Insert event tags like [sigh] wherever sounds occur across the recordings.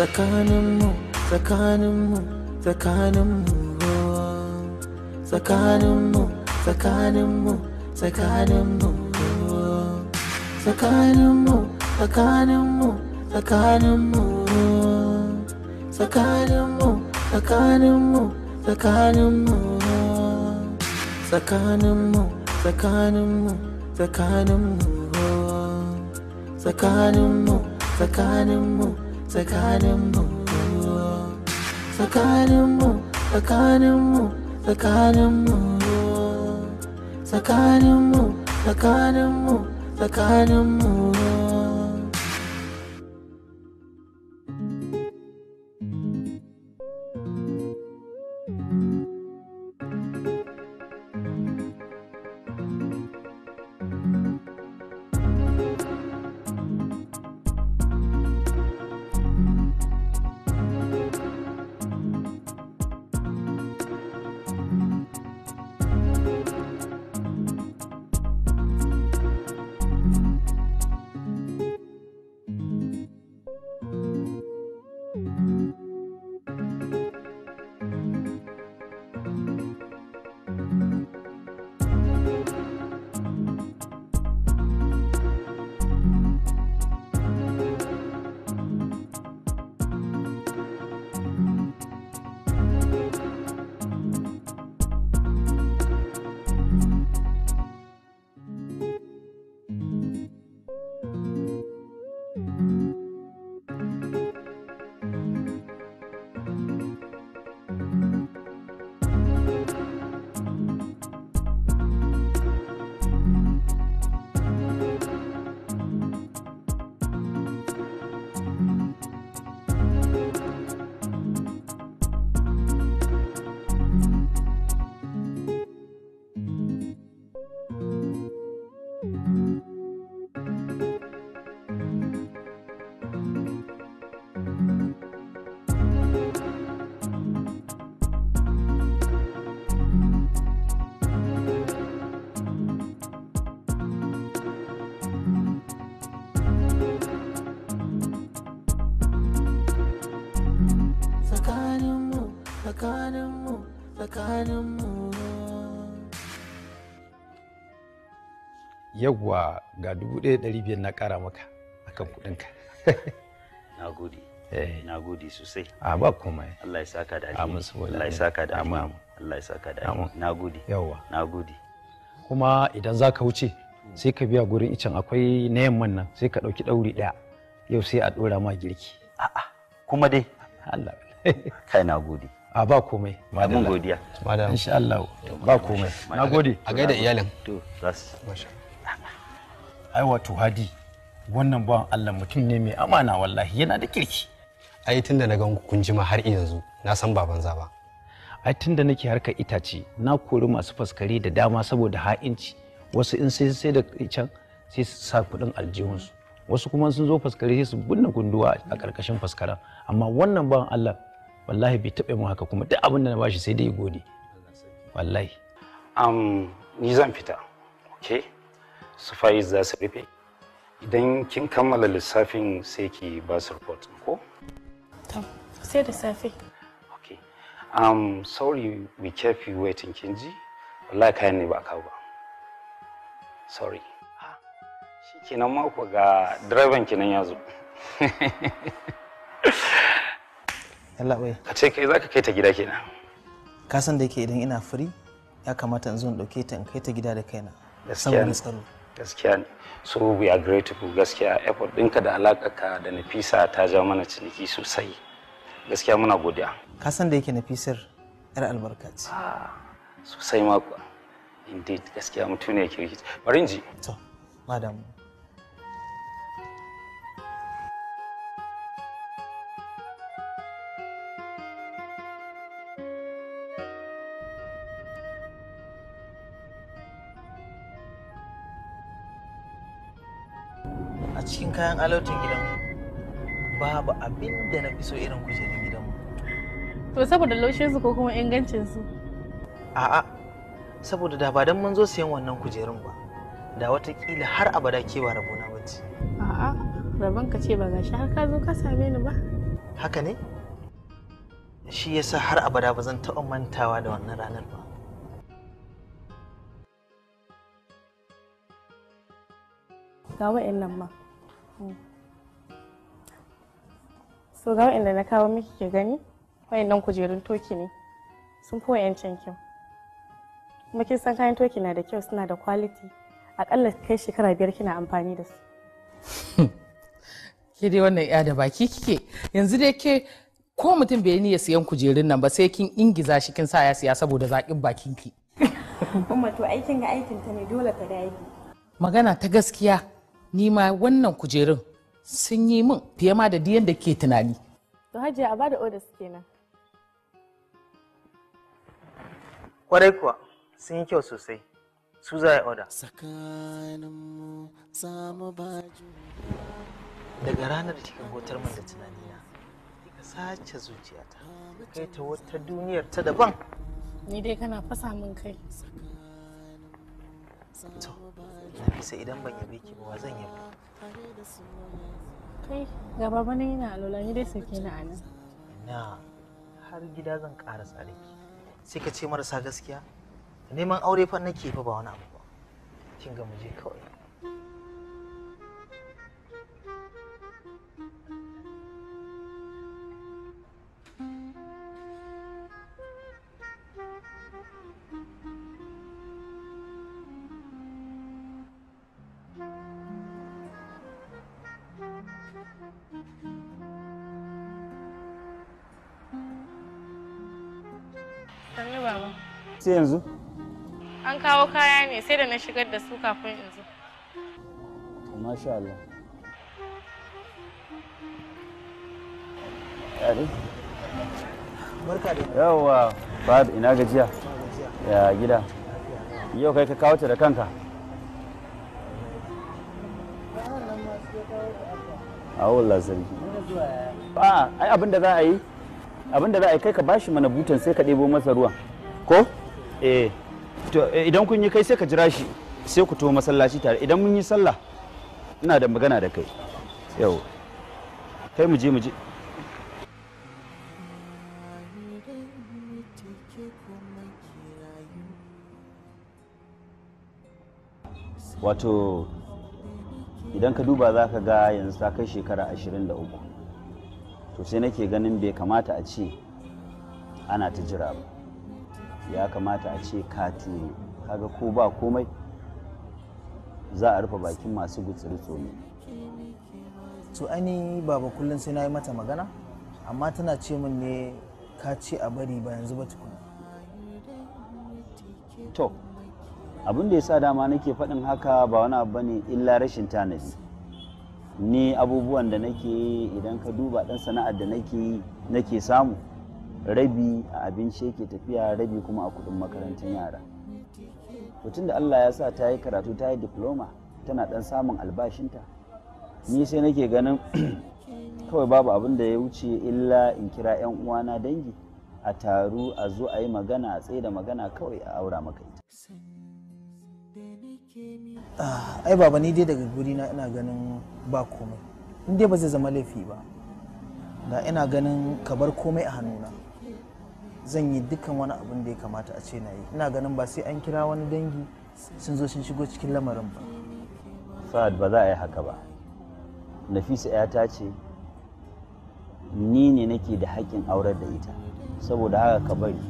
Sakanum, Sakanum, Sakanum, Sakanum, Sakanum, Sakanum, Sakanum, Sakanum, Sakanum, Sakanum, Sakanum, Sakanum, Sakanum, Sakanum, Sakanum, Sakanum, Sakanum, tsakaninmu tsakaninmu tsakaninmu tsakaninmu tsakaninmu tsakaninmu tsakaninmu ka dubu ɗaya ɗari biyar na ƙara maka a kan kuɗinka [laughs] na gode eh. na gode sosai a ba komai Allah ya saka da amin Allah ya saka da amin Allah ya saka da amin na gode Yawwa. na gode kuma idan za ka wuce sai ka biya gurin icen akwai na yamman nan sai ka ɗauki ɗauri ɗaya yau sai a ɗora ma girki a'a kuma dai Allah [laughs] kai na gode a ba komai madalla godiya madalla insha Allah ba komai na gode a gaida iyalin to ai wato hadi wannan bawan Allah mutum ne mai amana wallahi yana da kirki ai tunda na gan kun jima har yanzu na san ba banza ba ai tunda nake harkar itace na kori masu faskare da dama saboda ha'inci wasu in sai sai da can sai su sa kudin kuɗin su wasu kuma sun zo faskare sai su binne gunduwa a karkashin faskaren amma wannan bawan Allah wallahi bai taɓa mu haka kuma duk abin da na bashi sai dai gode wallahi um, ni zan fita okay su faiz za su rufe idan kin kammala lissafin sai ki ba su report ko to sai da safe okay um sorry we kept you waiting kin ji wallahi kayan ne ba kawo ba sorry ah, shi ma ku ga direban kenan ya zo [laughs] yalla bai ka ce kai zaka kai ta gida kenan ka san da yake idan ina free ya kamata in zo in dauke ta in kai ta gida da kaina saboda tsaro gaskiya ne so we are grateful gaskiya effort ɗinka da alaƙarka da nafisa ta ja mana ciniki sosai gaskiya muna godiya ka san da yake nafisar yar albarka ce ah, sosai ma indeed gaskiya mutum ne kirki bari in ji to madam kayan alautin gidan babu abin da na fi so irin kujerun gidan mu. To saboda laushin su ko kuma ingancin su? A'a, saboda da ba don mun zo siyan wannan kujerun ba, da watakila har abada ke ba rabona ba ce. A'a, rabon ka ce ba shi har ka zo ka same ni ba. Haka ne? Shi yasa har abada ba zan taɓa mantawa da wannan ranar ba. Ga wa'in nan ma. so ga na kawo miki ke gani nan kujerun toki ne sun fi wa'ancan kyau kuma kin san kayan toki na da kyau suna da quality akalla kai shekara biyar kina amfani da su [laughs] ke dai wannan ya da baki kike yanzu dai ke ko mutum bai niyya siyan kujerun nan ba sai kin ingiza shi kin sa ya siya saboda zaƙin bakin ki kuma [laughs] to aikin ga aikin ta ne dole ta dage magana ta gaskiya ni ma wannan kujerun sun yi min fiye ma da diyan da ke tunani to hajiya a bada orders kenan kwarai kuwa sun yi kyau sosai su za a oda daga ranar da kika gotar min da na, kika sace zuciyata kai ta wata duniyar ta daban ni dai kana fasa min kai to Nafisa idan ban yi ki ba zan yabo. Kai baba bana yana alola ni dai sake ni Na har gida zan ƙara tsare Sai ka ce marasa gaskiya? Neman aure fa nake fa ba wani abu ba. Kin ga mu je kawai. sai yanzu an kawo kaya ne sai da na shigar da su kafin in zo masha Allah yare barka da Yawwa, ba ina gajiya ya gida yau kai ka kawo ta da kanka a wallah sarki ba ah, ai abinda za a yi abinda za a yi kai ka bashi mana butan sai ka ɗebo masa ruwan eh to eh, idan kun yi kai sai ka jira shi sai ku taho masallaci tare idan mun yi sallah ina da magana da kai yau kai mu je mu je wato idan ka duba za ka ga yanzu ta kai shekara 23 to sai nake ganin bai kamata a ce ana ta jira ba ya kamata a ce ka ture kaga ko ba komai za a rufe bakin masu gutsiri tsoni to ani baba kullum sai na yi mata magana amma tana ce min ne ka ce a bari ba yanzu ba tukuna to abin da ya sa dama nake faɗin haka ba wani abu ne illa rashin tanadi ni abubuwan da nake idan ka duba ɗan sana'ar da nake nake samu rabi a abinci yake tafiya rabi kuma a kudin makarantar yara mutum da allah ya sa ta yi karatu ta yi diploma tana dan samun albashinta ni sai nake ganin [clears throat] kawai babu abin da ya wuce illa in kira 'yan uwana dangi a taru a zo a yi magana a tsaye da magana kawai a aura maka ita ah, ai baba ni dai daga guri ina ganin ba komai in ba zai zama laifi ba da ina ganin ka bar komai a hannuna zan yi dukkan wani abin da ya kamata a ce na yi ina ganin ba sai an kira wani dangi sun zo sun shigo cikin lamarin ba sa'ad ba za a yi haka ba nafisa yata ce ni ne nake da haƙƙin aurar da ita saboda haka ka bari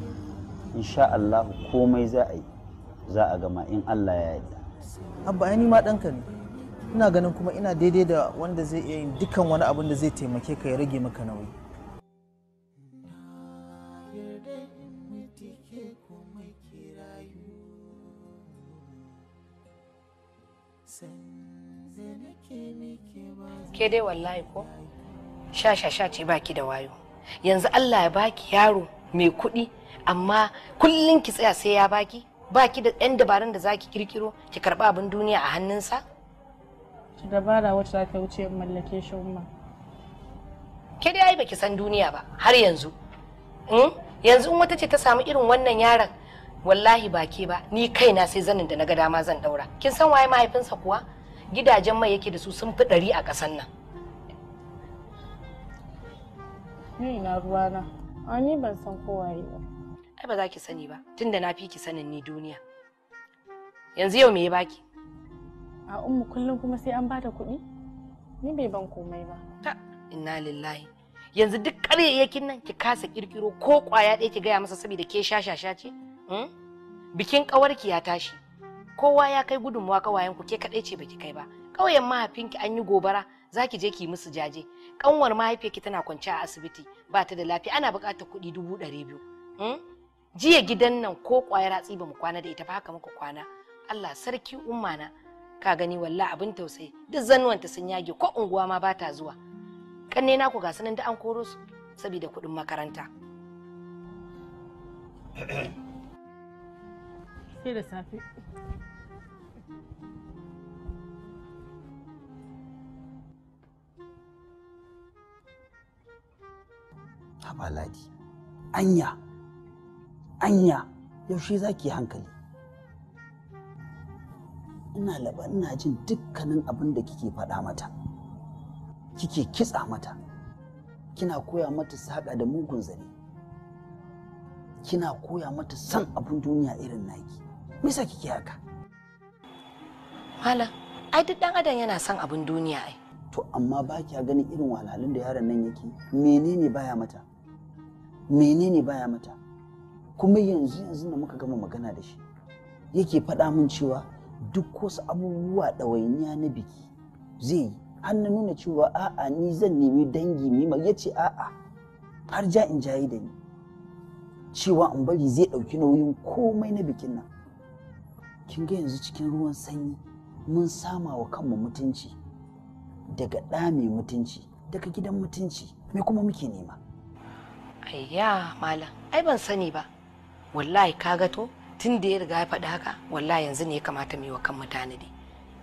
insha Allah komai za a yi za a gama in Allah ya yarda abba ni ma ɗanka ne ina ganin kuma ina daidai da wanda zai iya yin dukkan wani abin da zai taimake ka ya rage maka nauyi ke dai wallahi ko sha sha sha ce baki da wayo yanzu Allah ya baki yaro mai kuɗi amma kullum ki tsaya sai ya baki baki da ɗan dabarun da zaki kirkiro ki karɓi abin duniya a hannunsa ki dabara wacce za ta wuce mallake shi umma ke dai ai baki san duniya ba har yanzu hmm? yanzu in wata ce ta samu irin wannan yaron wallahi ba ba ni kaina sai zanin da na ga dama zan daura kin san waye mahaifinsa kuwa gidajen mai yake da su sun fi ɗari a ƙasan nan ni na ruwana a ni ban san kowa yi ba ai ba za ki sani ba tunda na fi ki sanin ni duniya yanzu yau me ya baki a ummu kullum kuma sai an bada kuɗi ni bai ban komai ba ta inna lillahi yanzu duk ƙaryayyakin nan ki kasa kirkiro ko ƙwaya ɗaya ki gaya masa saboda ke shashasha ce hmm? bikin ƙawarki ya tashi kowa ya kai gudunmuwa kawayen ku ke kaɗai ce baki kai ba ƙauyen mahaifinki an yi gobara za ki je ki musu jaje ƙanwar mahaifiyarki tana kwance a asibiti ba ta da lafiya ana buƙatar kuɗi dubu ɗari biyu hmm? jiya gidan nan ko ƙwaya hatsi ba mu kwana da ita ba haka muka kwana Allah sarki ummana ka gani walla abin tausayi duk zanuwanta sun yage ko unguwa ma ba ta zuwa kanne naku ga sanin da an koro su saboda kuɗin makaranta sai da haba anya anya yaushe za ki hankali ina laba ina jin dukkanin abin da kike faɗa mata kike kitsa mata kina koya mata saƙa da mugun zane kina koya mata san abin duniya irin naki misa kike haka Hala, ai duk dan adam yana son abin duniya ai to amma ba kya ganin irin wahalhalun da yaron nan yake menene baya mata menene baya mata kuma yanzu yanzu da muka gama magana da shi yake faɗa min cewa duk wasu abubuwa ɗawainiya na biki zai yi har na nuna cewa a'a ni zan nemi dangi ma ya ce a'a har ja in jayi da ni cewa in bari zai ɗauki nauyin komai na bikin nan kin ga yanzu cikin ruwan sanyi mun sama wa kanmu mutunci daga ɗa mai mutunci daga gidan mutunci me kuma muke nema Ayya malam, ai ban sani ba. Wallahi ka gato tun da ya riga ya faɗi haka wallahi yanzu ne ya kamata mu yi wa kanmu tanadi.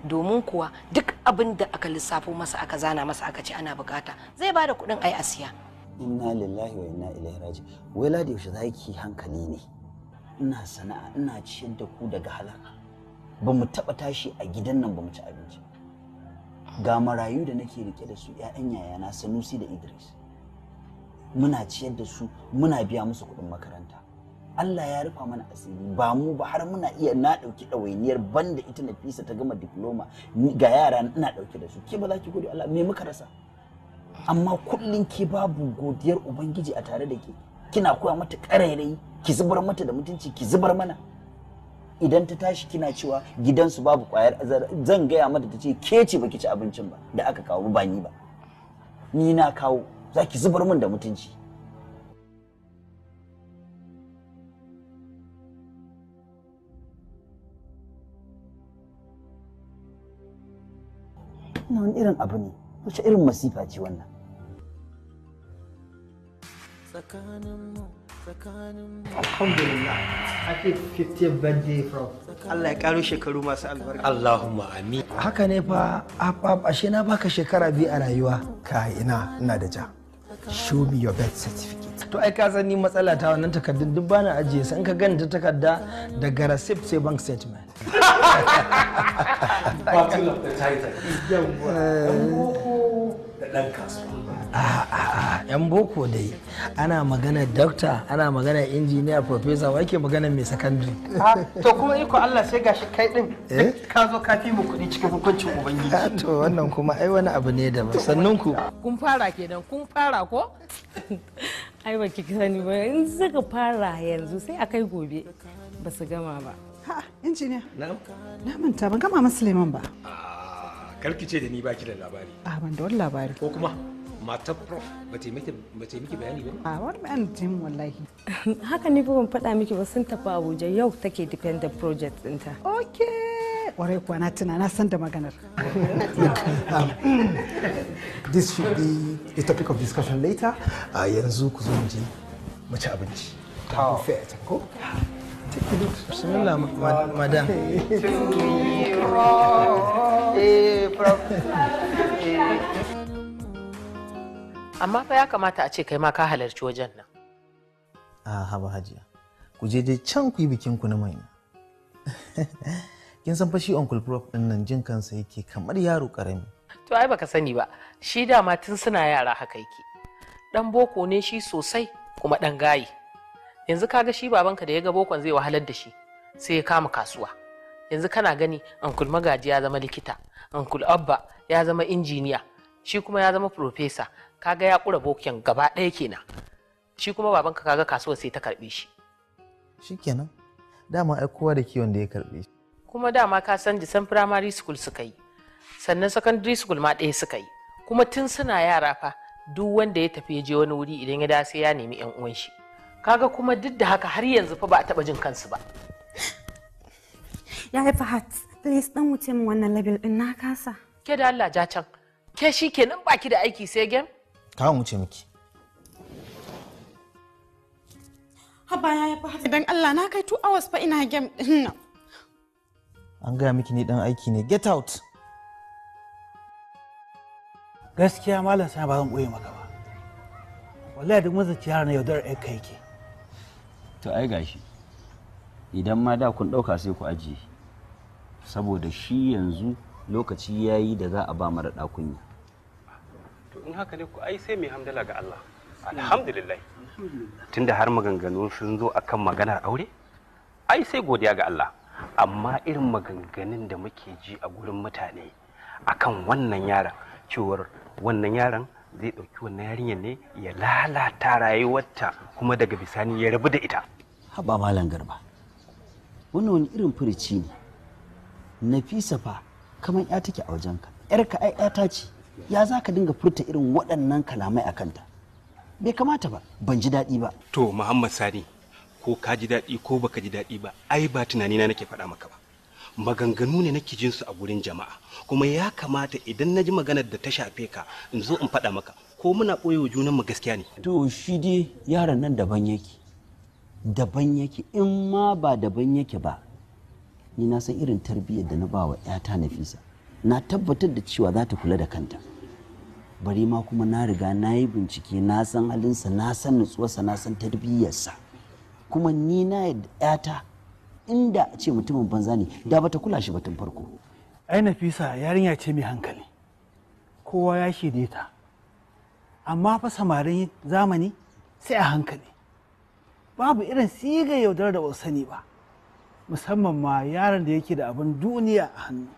Domin kuwa duk abin da aka lissafo masa aka zana masa aka ce ana bukata zai bada kuɗin ai asiya. Inna lillahi wa inna ilaihi raji. Wai ladi yaushe za ki hankali ne. Ina sana'a ina ciyar da ku daga halaka. Ba mu taɓa tashi a gidan nan ba mu ci abinci. Ga marayu da nake rike da su 'ya'yan yayana Sanusi da Idris. muna ciyar da su muna biya musu kuɗin makaranta Allah ya rufa mana asiri ba mu ba har muna iya na ɗauki ɗawainiyar banda ita na fisa ta gama diploma ga yara ina ɗauke da su ke ba za ki gode Allah me muka rasa amma kullum ki babu godiyar ubangiji a tare da ke kina koya mata ƙarairayi ki zubar mata da mutunci ki zubar mana idan ta tashi kina cewa gidansu babu kwayar zan gaya mata ta ce ke ce baki ci abincin ba da aka kawo ba ni ba ni na kawo za ki zubar min da mutunci wani irin abu ne wace irin masifa ce wannan alhamdulillah ake 50th birthday from Allah ya karo shekaru masu albarka Allahumma amin haka ne fa ashe na baka shekara biyu a rayuwa ka ina ina da ja show me your birth certificate to ai ka san ni matsala ta wannan takardun duk bana ajiye san ka ganta takarda daga receipt sai bank statement Battle of the ɗan kasuwa yan boko dai ana magana dokta ana magana injiniya wa wake magana mai secondary to kuma iko Allah sai gashi kai din eh? ka zo ka fi mu kuɗi cikin hukuncin ubangiji to wannan kuma ai wani abu ne da sannan ku kun fara kenan kun fara ko ai ba ki sani ba in suka fara yanzu sai a kai gobe ba su gama ba ha injiniya na manta ban gama musulman ba ah. karki ce da ni baki da labari a ah, ban da wani labari ko kuma matar prof ba ta yi miki bayani ba a ah, wani bayan jim wallahi [laughs] haka ni ban faɗa miki ba sun tafi abuja yau take dependent project ɗinta ok warai kuwa na tuna na san da maganar [laughs] this should be the topic of discussion later ah, yanzu ku zo mu ci abinci ko amma fa ya kamata a ce kai ma ka halarci wajen nan a haba hajiya ku je dai can ku yi bikin ku na manya kin san fa uncle prof din nan jin kansa yake kamar yaro karami to ai baka sani ba shi dama tun suna yara haka yake dan boko ne shi sosai kuma dan gayi yanzu kaga shi babanka da ya ga bokon zai wahalar da shi sai ya kama kasuwa yanzu kana gani ankul magaji ya zama likita ankul abba ya zama injiniya shi kuma ya zama profesa kaga ya kura bokin gaba ɗaya kenan shi kuma babanka kaga kasuwa sai ta karbe shi shikenan dama ai kowa da kiwon da ya karbe shi kuma dama ka san san primary school suka yi sannan secondary school ma ɗaya suka yi kuma tun suna yara fa duk wanda ya tafi ya je wani wuri idan ya dace ya nemi yan uwan shi kaga kuma duk da haka har yanzu fa ba a taba jin kansu ba ya fahat please dan wuce min wannan label din na kasa ke da Allah ja can ke kenan baki da aiki sai gem ka wuce miki haba ya fahat dan Allah na kai 2 hours fa ina gem din an gaya miki ne dan aiki ne get out gaskiya malam sai ba zan boye maka ba wallahi duk mazaci yara na yaudar ɗan kai ke to ai gashi idan ma da kun ɗauka sai ku ajiye saboda shi yanzu lokaci yayi da za a ba mara ɗakunya to in haka ne ku ai sai mai hamdala ga Allah alhamdulillah tunda har maganganu sun zo akan maganar aure ai sai godiya ga Allah amma irin maganganun da muke ji a gurin mutane akan wannan yaron cewar wannan yaran zai ɗauki wannan yarinyar ne ya lalata rayuwarta kuma daga bisani ya rabu da ita haba malam garba wannan wani irin furici ne nafisa fa kamar ya take a wajenka yarka ai ta ce ya za ka dinga furta irin waɗannan kalamai a kanta bai kamata ba ban ji daɗi ba to muhammad sani ko ka ji daɗi ko baka ji daɗi ba ai ba tunani na nake faɗa maka ba maganganu ne nake jinsu a gurin jama'a kuma ya kamata idan na ji maganar da ta shafe ka in zo in faɗa maka ko muna ɓoye wa junanmu gaskiya ne to shi dai yaron nan daban yake daban yake in ma ba daban yake ba ni na san irin tarbiyyar da na ba wa 'yata nafisa na tabbatar da cewa za ta kula da kanta bari ma kuma na riga na yi bincike na san halinsa na san nutsuwarsa na san tarbiyyarsa kuma ni na 'yata inda a ce mutumin banza ne da bata kula shi batun farko ai nafisa yarinya ce mai hankali kowa ya shaide ta amma fa samarin zamani sai a hankali babu irin siga yaudarar da wasu sani ba musamman ma yaron da yake da abin duniya a hannu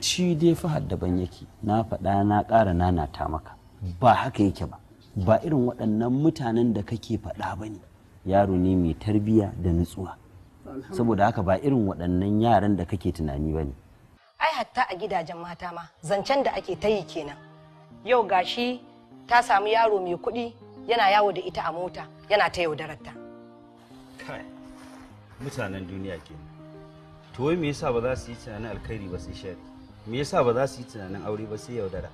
shi dai fahad daban yake na faɗa na ƙara nana ta maka ba haka yake ba ba irin waɗannan mutanen da kake faɗa ba ne yaro ne mai tarbiya da nutsuwa saboda haka ba irin waɗannan yaran da kake tunani ba ne ai hatta a gidajen mata ma zancen da ake ta yi kenan yau gashi ta samu yaro mai kuɗi yana yawo da ita a mota yana ta ta kai mutanen duniya kenan to wai me yasa ba za su yi tunanin alkhairi ba sai shari me yasa ba za su yi tunanin aure ba sai yaudara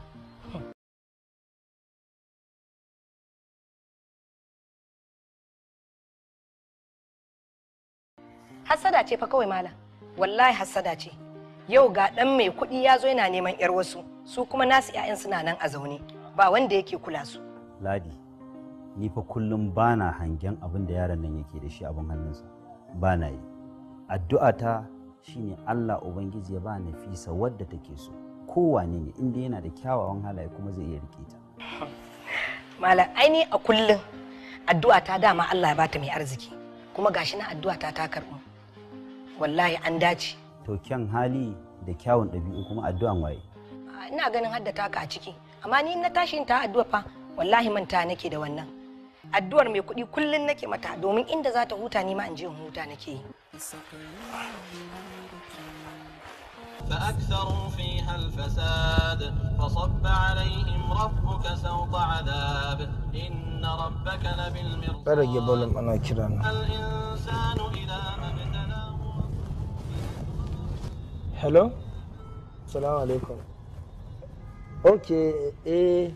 hassada ce fa kawai malam wallahi hassada ce yau ga dan mai kuɗi ya zo yana neman yar wasu su kuma nasu ƴaƴan suna nan a zaune ba wanda yake kula su ladi ni fa kullum bana hangen abin da yaron nan yake da shi abin hannunsa bana yi addu'ata shine Allah ubangiji ya ba Nafisa wadda take so kowane ne inda yana da kyawawan halaye kuma zai iya rike ta malam aini a kullum addu'ata dama Allah ya bata mai arziki kuma gashi na addu'ata ta karɓu wallahi an dace to kyan hali da kyawun ɗabi'u kuma addu'an waye ina ganin ta ka a ciki amma ni na tashi ta addu'a fa wallahi manta nake da wannan addu'ar mai kuɗi kullum nake mata domin inda za ta huta ni ma in je in huta nake yi فأكثروا فيها الفساد فصب عليهم ربك سوط عذاب إن ربك لبالمرصاد الإنسان إذا hello salamu alaikum ok eh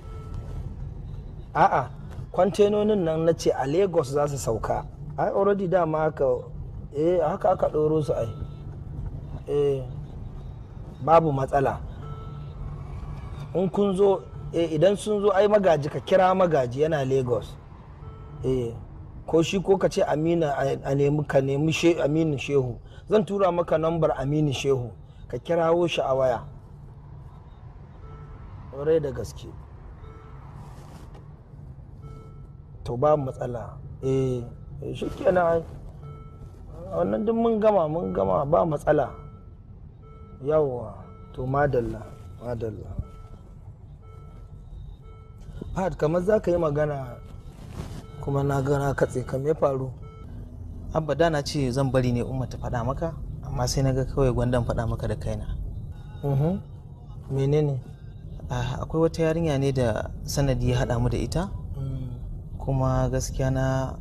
a'a kwantenonin nan na ce a lagos za su sauka ai already dama haka eh haka aka ɗoro su ai eh babu matsala in kun zo eh idan sun zo ai magaji ka kira magaji yana lagos eh ko shi ko ka ce amina a nemi ka nemi aminu shehu zan tura maka nambar aminu shehu ka kirawo shi a waya ƙwarai da gaske to ba matsala eh shi kenan wannan duk mun gama mun gama ba matsala yawwa to madalla madalla fahad kamar za ka yi magana kuma na gana katse ka me faru abba na ce zan bari ne umma ta faɗa maka amma sai na ga kawai gwandan faɗa maka da kaina mm-hmm. menene ah, akwai wata yarinya ne da sanadi ya haɗa mu da ita mm. kuma gaskiya na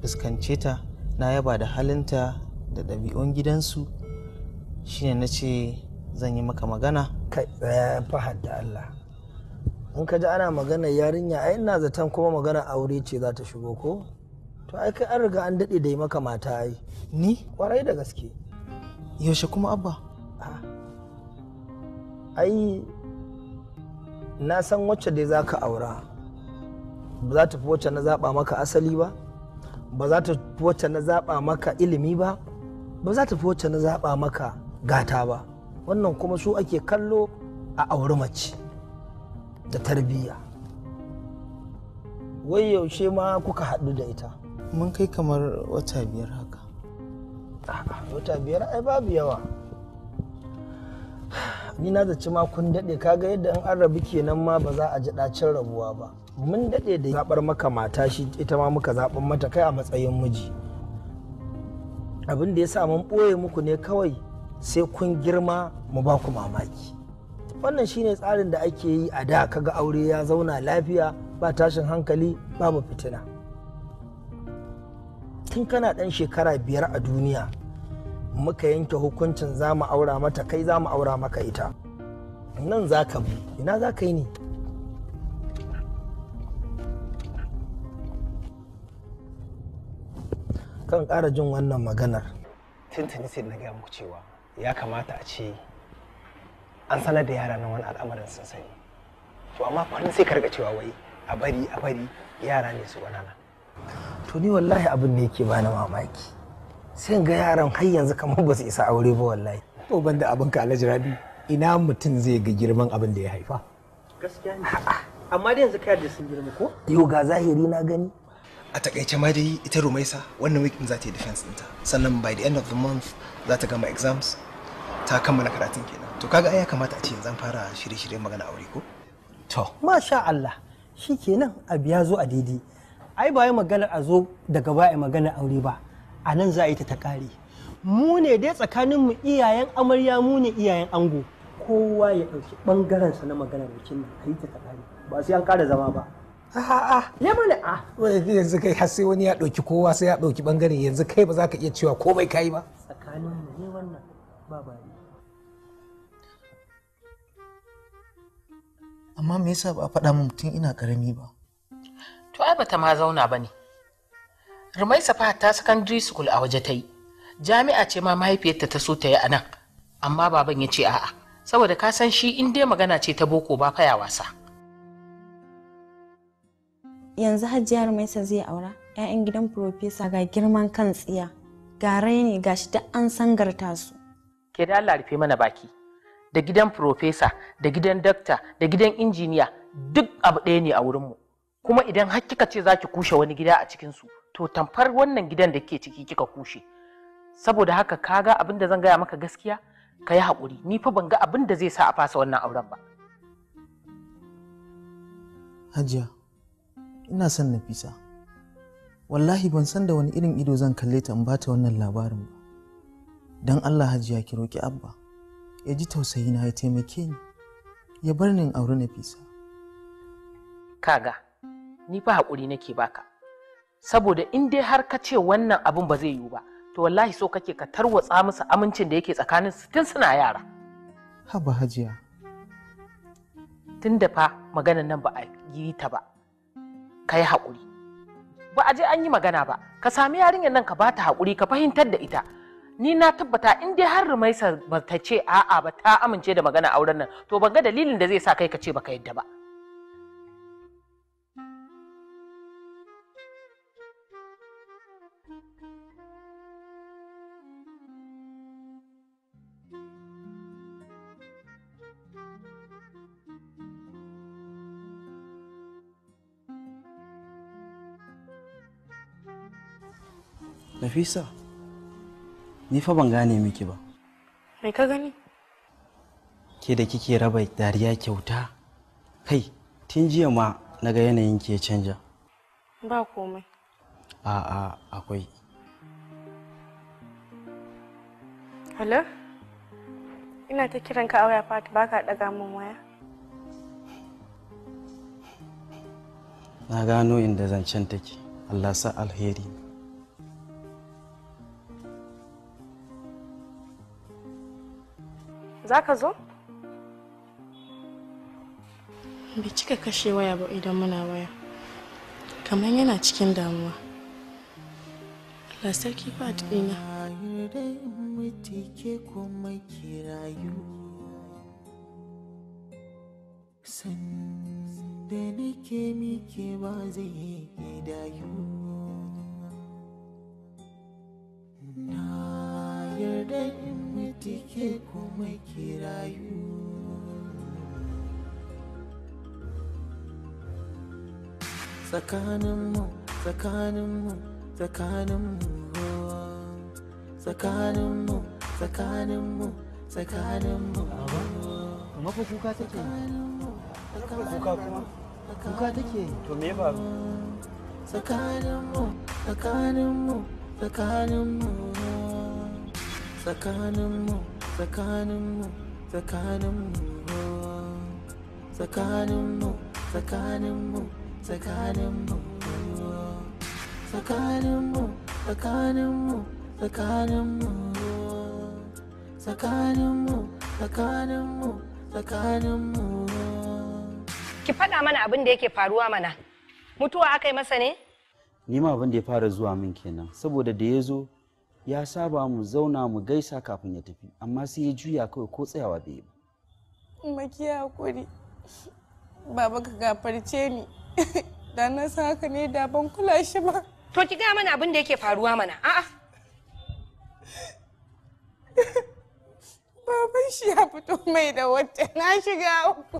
fuskance ta na yaba da halinta da ɗabi'un gidansu shine na ce zan yi maka magana kai fahad da Allah in ka ji ana magana yarinya ai ina zaton kuma magana aure ce za ta shigo ko to ai kai an riga an daɗe da yi maka mata ai ni kwarai da gaske yaushe kuma abba ah. ai na san wacce dai za ka aura ba za ta fi wacce na zaba maka asali ba ba za ta fi wacce na zaba maka ilimi ba ba za ta fi wacce na zaba maka gata ba wannan kuma su ake kallo a auri mace da tarbiyya wai yaushe ma kuka haɗu da ita mun kai kamar wata biyar wata biyar ai babu yawa ni na zaci ma kun daɗe kaga yadda in an rabu kenan ma ba za a ji ɗacin rabuwa ba mun daɗe da zaɓar maka mata shi ita ma muka zaɓar mata kai a matsayin miji abin da ya sa mun ɓoye muku ne kawai sai kun girma mu ba ku mamaki wannan shine tsarin da ake yi a da kaga aure ya zauna lafiya ba tashin hankali babu fitina tun kana ɗan shekara biyar a duniya muka yanke hukuncin za mu aura mata kai za mu aura maka ita nan za ka bi ina za ka yi ne kan ƙara jin wannan maganar tuntuni sai na gaya muku cewa ya kamata a ce an sanar da yara na wani al'amarin sun sani to amma kwanan sai karga cewa wai a bari a bari yara ne su banana to ni wallahi abin ne yake bani mamaki sai ga yaran har yanzu kamar ba su isa aure ba wallahi to ban da abin ka alhaji rabi ina mutum zai ga girman abin da ya haifa gaskiya ne amma dai yanzu kai da sun girma ko yau ga zahiri na gani a takaice ma dai ita rumaisa wannan week za ta yi defense ɗinta sannan by the end of the month za ta gama exams ta kammala karatun kenan to kaga ai ya kamata a ce yanzu an fara shirye-shiryen magana aure ko to masha Allah shikenan abu ya zo a daidai ai ba yi maganar a zo daga ba a maganar aure ba a nan za a yi ta ta kare mu ne dai tsakaninmu iyayen amarya mu ne iyayen ango kowa ya ɗauki ɓangarensa na maganar bikin nan a yi ta ta kare ba sai an ƙara zama ba a'a ya mana a ah. yanzu kai har sai wani ya ɗauki kowa sai ya ɗauki ɓangaren yanzu kai ba za ka iya cewa komai kai ba tsakaninmu ne wannan ba ba amma me yasa ba a faɗa min tun ina ƙarami ba to ai bata ma zauna ba ne rumaisa fa ta secondary school a waje ta yi jami'a ce ma mahaifiyarta ta so ta yi a nan amma baban ya ce a'a saboda ka san shi in dai magana ce ta boko ba faya wasa yanzu hajjiya rumaisa zai aura 'ya'yan gidan professor ga girman kan tsiya ga raini gashi duk an sangarta su ke da Allah rufe mana baki da gidan professor da gidan dakta da gidan injiniya duk abu ɗaya ne a wurinmu kuma idan har kika ce zaki kushe wani gida a cikin su to tamfar wannan gidan da ke ciki kika kushe saboda haka ka ga abin da zan gaya maka gaskiya ka yi haƙuri ni fa ban ga abin da zai sa a fasa wannan auren ba hajiya ina son nafisa wallahi ban san da wani irin ido zan kalle ta in bata wannan labarin ba dan allah hajiya ki roki abba ya ji na ya taimake ni ya bar ni in auri nafisa kaga ni fa haƙuri nake baka saboda in dai har ka ce wannan abin ba zai yiwu ba to wallahi so kake ka tarwatsa musu amincin da yake tsakanin su tun suna yara haba hajiya tun da fa maganan nan ba a yi ta ba ka yi haƙuri ba a je an yi magana ba ka sami yarinyar nan ka bata hakuri, ka fahimtar da ita ni na tabbata in dai har rumaisa ba ta ce a'a ba ta amince da magana auren nan to ban ga dalilin da zai sa kai ka ce baka yadda ba Nafisa, ni fa ban gane miki ba. me ka gani? Ke da kike raba dariya kyauta? Kai, tun jiya ma na ga yanayin ke canja. Ba komai. A'a, akwai. Hello? Ina ta kiran ka a ba ka ɗaga min waya. Na gano inda zancen take. Allah sa alheri za ka zo? bai cika kashe waya ba idan muna waya kamar yana cikin damuwa Allah sarki ba dina da nake mike ba zai gidayu na yarda kike kuma kirayu tsakaninmu tsakaninmu tsakaninmu tsakaninmu tsakaninmu tsakaninmu mafi kuka take tsakaninmu tsakaninmu tsakaninmu tsakaninmu tsakaninmu tsakaninmu tsakaninmu tsakaninmu tsakaninmu tsakaninmu tsakaninmu tsakaninmu ki faɗa mana abin da yake faruwa mana mutuwa aka yi masa ne ni ma abin da ya fara zuwa min kenan saboda da ya zo ya saba mu zauna mu gaisa kafin ya tafi amma sai ya juya kawai ko tsayawa bai ba maki hakuri baba ka gafarce ni [laughs] da na sa ne da ban kula shi ba to ki ga mana abin da yake faruwa mana a'a [laughs] baban shi ya fito mai da wata na shiga uku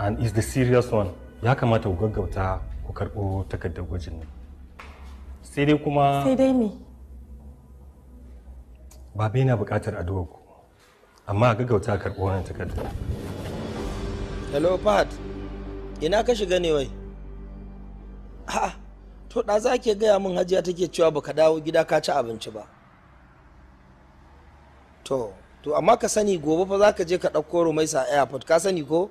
and is the serious one ya kamata ku gaggauta ku karɓo takardar gwajin nan sai dai kuma sai dai me babu na buƙatar addu'ar ku amma a gaggauta karɓo wannan takardar hello pat ina ka shiga ne wai a'a to da za ke gaya min hajiya take cewa baka dawo gida ka ci abinci ba to to amma ka sani gobe fa za ka je ka ɗauko rumaisa a airport ka sani ko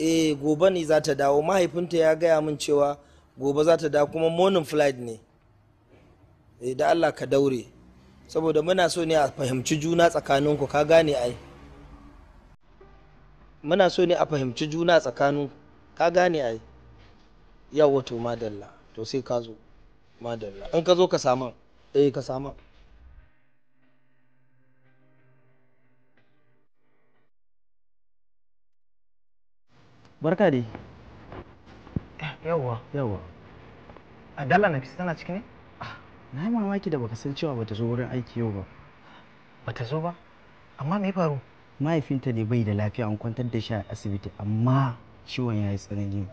eh gobe ne za ta dawo mahaifinta ya gaya min cewa gobe za ta dawo kuma morning flight ne eh, da Allah ka daure saboda muna so ne a fahimci juna tsakaninku ka gane ai muna so ne a fahimci juna tsakanin ka gane ai yawa to madalla to sai ka zo madalla in ka zo ka samu eh ka sama barka dai yawwa yawwa a na nafisa tana ciki ne ah, na yi mamaki da baka san cewa bata zo wurin aiki yau ba bata zo ba amma me faru mahaifinta ne bai da lafiya an kwantar da shi a asibiti amma ciwon ya yi tsanani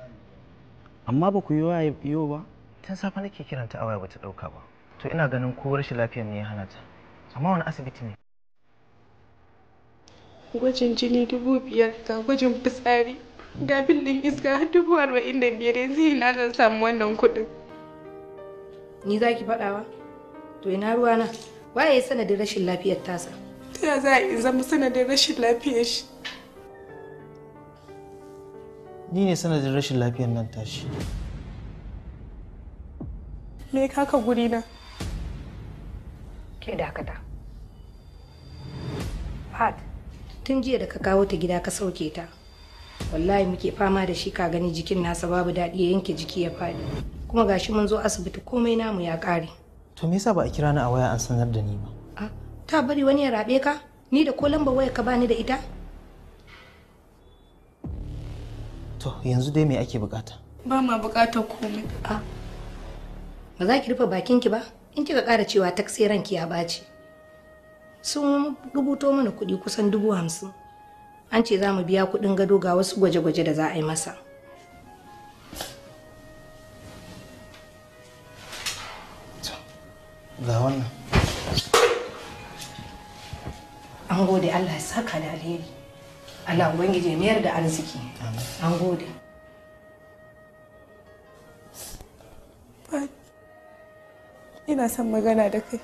amma ba ku yi wa yau ba tun safe nake kiranta a waya bata ɗauka ba to ina ganin ko rashin lafiya ne ya hana ta amma wani asibiti ne gwajin jini dubu biyar ga gwajin fitsari ga bil din iska har dubu arba'in da biyar yanzu ina zan samu wannan kuɗin. Ni za ki faɗawa? To ina ruwa na? Waye ya sanadin rashin lafiyar tasa? Ta ya za a yi zama sanadin rashin lafiyar shi? Ni ne sanadin rashin lafiyar nan tashi. Me ka ka guri na? Ke dakata. Fat, tun jiya da ka kawo ta gida ka sauke ta. wallahi muke fama da shi ka gani jikin nasa babu daɗi ya yanke jiki ya faɗi kuma gashi mun zo asibiti komai namu ya ƙare to me yasa ba a kira ni a waya an sanar da ni ba ta bari wani ya rabe ka ni da ko lamba waya ka bani da ita to yanzu dai me ake bukata ba ma bukatar komai a ba za ki rufe bakin ki ba in kika ƙara cewa taksi ranki ya baci sun rubuto mana kuɗi kusan dubu hamsin an ce za mu biya kuɗin gado ga wasu gwaje-gwaje da za a yi masa ga wannan an gode allah ya saka da alheri allah ubangiji mayar da arziki an gode ina son magana da kai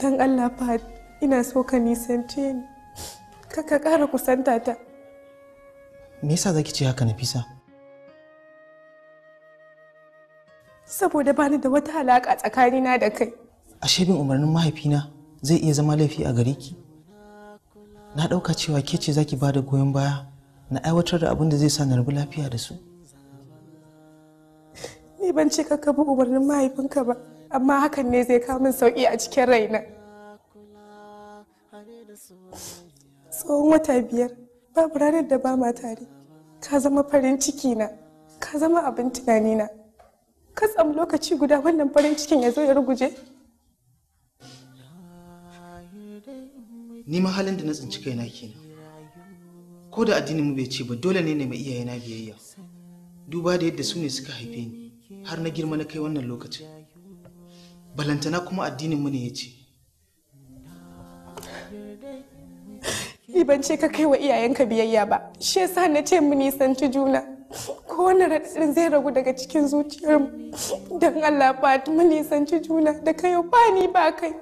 don allah fahad ina so ka nisance ni kaka ƙara kusanta ta me yasa zaki ce haka nafisa saboda bani da wata alaƙa tsakanina da kai ashe bin umarnin mahaifina zai iya zama laifi a gare ki na ɗauka cewa ke ce zaki bada goyon baya na aiwatar da abin da zai sa na rabu lafiya da su ni ban ce ka bi umarnin mahaifinka ba amma hakan ne zai kawo min sauƙi a cikin raina tsohon wata biyar babu ranar da ba ma tare ka zama farin ciki na ka zama abin tunani na ka tsamu lokaci guda wannan farin cikin ya zo ya ruguje ni mahalin da na tsinci kaina kenan ko da addinin mu bai ce ba dole ne na mai iyayena biyayya duba da yadda su ne suka haife ni har na girma na kai wannan lokacin balantana kuma addininmu ne ya ce ban ce ka kai wa iyayenka biyayya ba shi yasa na ce mu nisanci juna ko wannan raɗaɗin zai ragu daga cikin zuciyarmu don allah ba mu nisanci juna da kai ba ni ba kai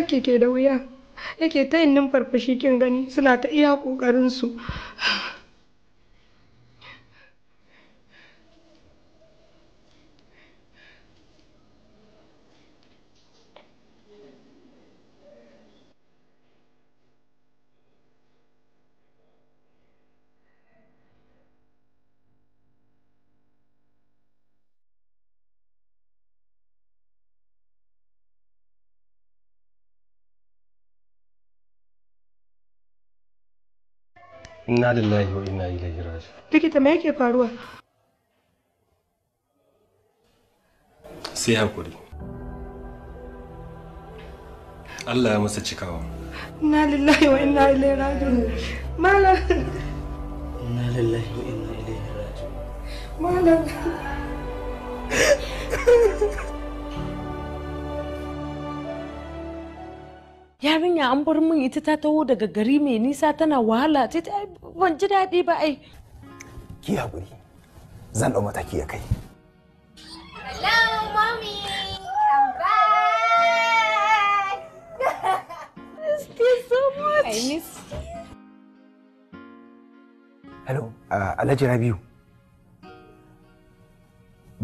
kake ke da wuya yake ta yin numfarfashi kin gani suna ta iya su. Inna lillahi wa inna ilaihi raji. Likita me yake faruwa? Sai hakuri. Allah ya masa cikawa. Inna lillahi wa inna ilaihi raji. Malam. Inna lillahi wa inna ilaihi raji'un. Malam. yarinya an bar min ita ta taho daga gari mai nisa tana wahala ce ta ban ji daɗi ba ai ki haƙuri zan ɗau mataki ya kai hello mommy I miss you. Hello, uh, Alhaji Rabiu.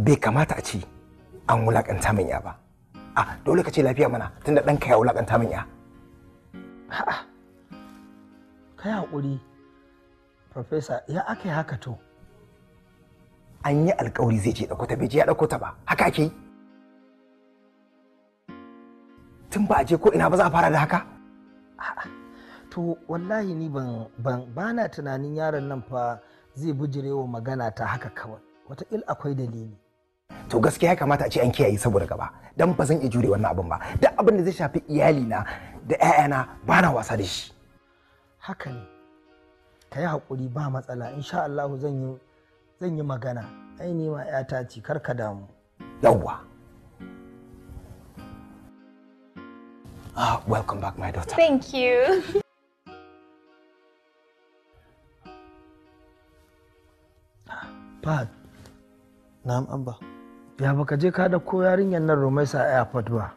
Bai kamata a ce an wulakanta min ya ba. Ah, dole ka ce lafiya mana tunda ɗanka ya wulakanta min ya. ha'a kai haƙuri profesa ya aka yi haka to an yi alkawari zai je ɗauko ta bai je ya ɗauko ta ba haka ke tun ba a je ko ina ba za a fara da haka Ha'a to wallahi ni ban ban bana tunanin yaron nan fa zai bujirewa magana ta haka kawai wataƙil akwai dalili to gaskiya ya kamata a ce an kiyaye saboda gaba dan ba zan iya jure wannan abin ba duk abin da zai shafi iyali na da ƴaƴana ba na wasa da shi haka ne ka yi haƙuri ba matsala insha Allah zan yi zan yi magana ai ne ma ƴata ce kar ka damu yawwa Ah, welcome back, my daughter. Thank you. Fahad, na'am Abba. ya baka je ka da ɗauko yarinyar nan rumaisa a airport ba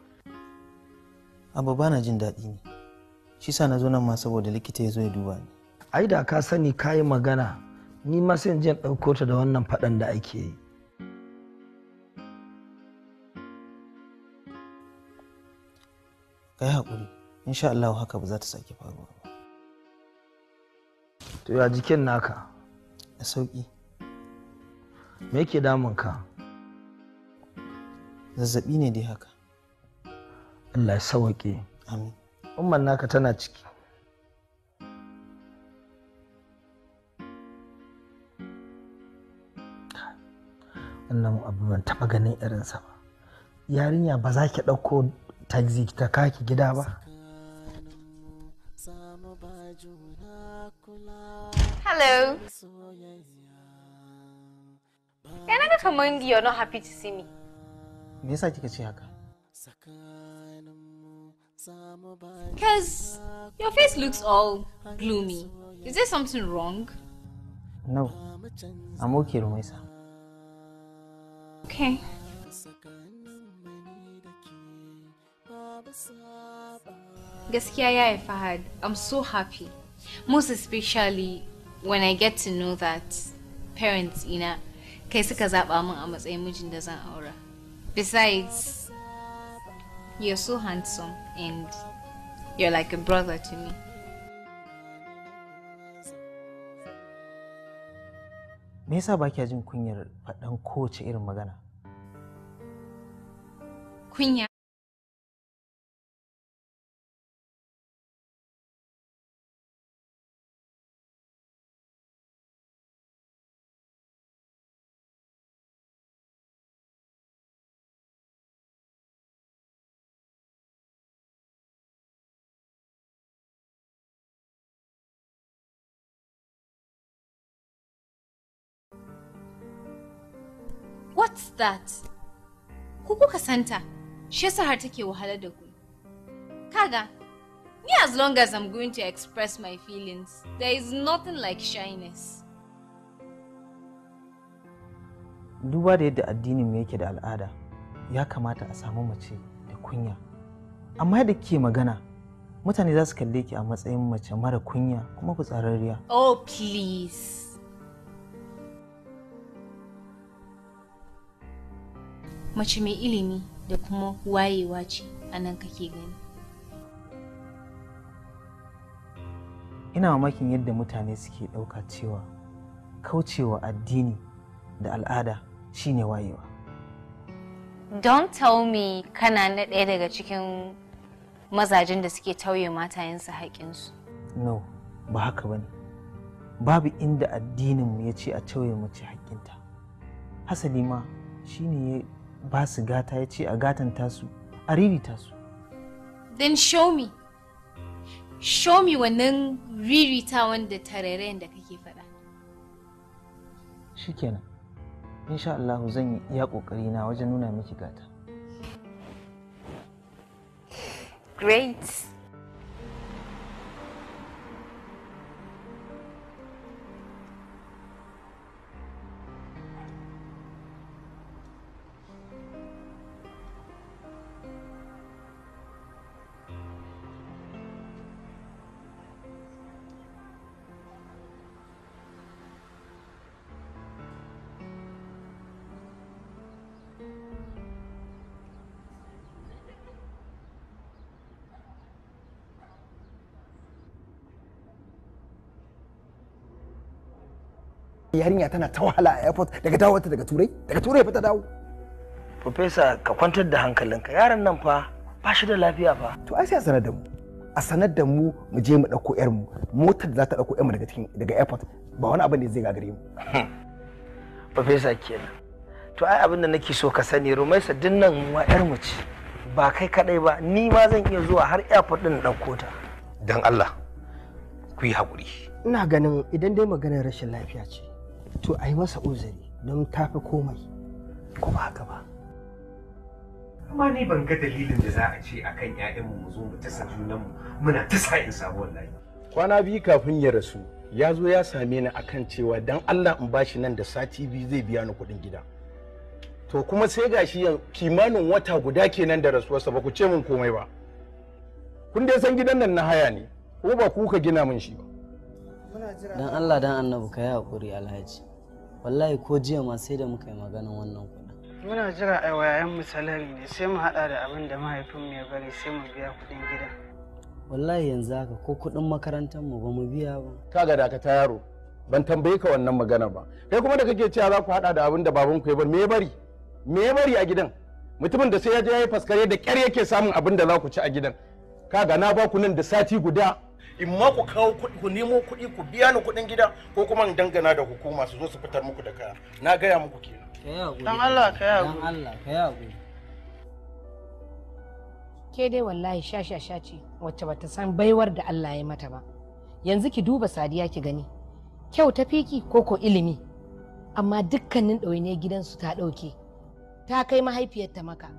abu ba na jin daɗi ne shi sa na zo nan ma saboda likita ya zo ya duba ni ai da ka sani ka yi magana ni ma sai jin ɗauko ta da wannan faɗan da ake yi ka yi haƙuri sha Allah haka ba za ta sake faruwa ba to ya jikin naka a sauƙi me yake damun ka zazzabi ne dai haka Allah ya sauke amin umman naka tana ciki wannan abu ban taba ganin irinsa ba yarinya ba za ki ɗauko taxi ta kaki gida ba hello yana ga kamar you're not happy to see me me yasa kika ce haka Because your face looks all gloomy. Is there something wrong? No, I'm okay, Rumaisa. Okay. Gaskiya ya Fahad, I'm so happy. Most especially when I get to know that parents ina kai suka zaba min a matsayin mijin da zan aura. Besides, you're so handsome and you're like a brother to me. Me yasa ba kya jin kunyar faɗan kowace irin magana? Kunya? that? Ku kuka santa, shi yasa har take wahala da ku. Kaga, me as long as I'm going to express my feelings, there is nothing like shyness. Duba da yadda addinin mu yake da al'ada, ya kamata a samu mace da kunya. Amma da ke magana, mutane za su kalle ki a matsayin mace mara kunya kuma fitsararriya. Oh, please. mace mai ilimi da kuma wayewa ce a nan kake gani ina mamakin yadda mutane suke ɗauka cewa kaucewa addini da al'ada shine wayewa don tell me kana na ɗaya daga cikin mazajen da suke tauye matayensu haƙƙinsu no ba haka ba babu inda addininmu ya ce a tauye mace haƙƙinta hasali ma shine ya ba su gata ya ce a gatan tasu a ririta su then show me show me wannan ririta wanda tarerayen da kake faɗa shikenan insha Allah zan yi iya ƙoƙari na wajen nuna miki gata great yarinya tana ta wahala a airport daga dawowarta daga turai daga turai fa ta dawo Profesa ka kwantar da hankalinka yaron nan fa ba shi da lafiya fa to ai sai a sanar da mu a sanar da mu mu je mu ɗauko yar mu motar da za ta ɗauko yar mu daga cikin daga airport ba wani abin da zai gagare mu hmm. Profesa kenan to ai abin da nake so ka sani Rumaisa dinnan wa yar mu ce ba kai kadai ba ni ma zan iya zuwa har airport din dauko ta dan Allah ku yi hakuri. ina ganin idan dai maganar rashin lafiya ce to a masa uzuri don tafi komai ko ba haka ba amma ni ban ga dalilin da za a ce a kan ‘ya'yanmu mu zo mu tasa junanmu muna tasa in samu wallahi kwana biyu kafin ya rasu ya zo ya same ni akan cewa dan Allah in bashi nan da sati biyu zai biya ni kuɗin gida to kuma sai gashi yanzu kimanin wata guda kenan da rasuwarsa ba ku ce min komai ba kun dai san gidan nan na haya ne ko ba ku ka gina min shi ba dan Allah dan annabi ka yi hakuri alhaji wallahi ko jiya ma sai da muka yi maganan wannan kuɗin muna jira a wayayen mu salari ne sai mu haɗa da abin da mahaifin mu ya bari sai mu biya kuɗin gida wallahi yanzu haka ko kuɗin makarantar mu ba mu biya ba kaga da ka ta yaro ban tambaye ka wannan magana ba kai kuma da kake cewa za ku haɗa da abin da baban ku ya bari me bari me bari a gidan mutumin da sai ya je ya yi faskare da kyar yake samun abin da za ku ci a gidan kaga na ba ku nan da sati guda in ma ku kawo kuɗi ku nemo kuɗi ku biya ni kuɗin gida ko kuma in dangana da hukuma su zo su fitar muku da kaya na gaya muku ke. dan Allah ka ya dan ka ya ke dai wallahi sha sha sha ce wacce bata san baiwar da Allah ya mata ba yanzu ki duba sadiya ki gani kyau ta fiki ko ko ilimi amma dukkanin ɗawainiyar gidansu ta ɗauke ta kai mahaifiyarta maka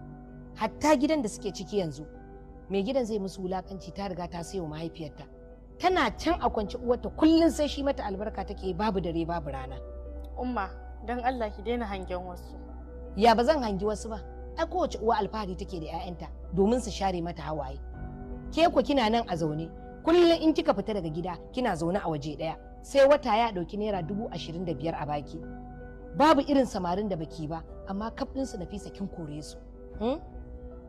hatta gidan da suke ciki yanzu mai gidan zai musu wulakanci ta riga ta sayo mahaifiyarta tana can a kwanci uwarta kullum sai shi mata albarka take babu dare babu rana umma don Allah ki daina hangen wasu ya ba zan hangi wasu ba ai kowace uwa alfahari take da 'ya'yanta domin su share mata hawaye ke ku kina nan a zaune kullum in kika fita daga gida kina zaune a waje ɗaya sai wata ya ɗauki naira dubu ashirin da biyar a baki babu irin samarin da baki ba amma kafin su na fisa kin kore su hmm?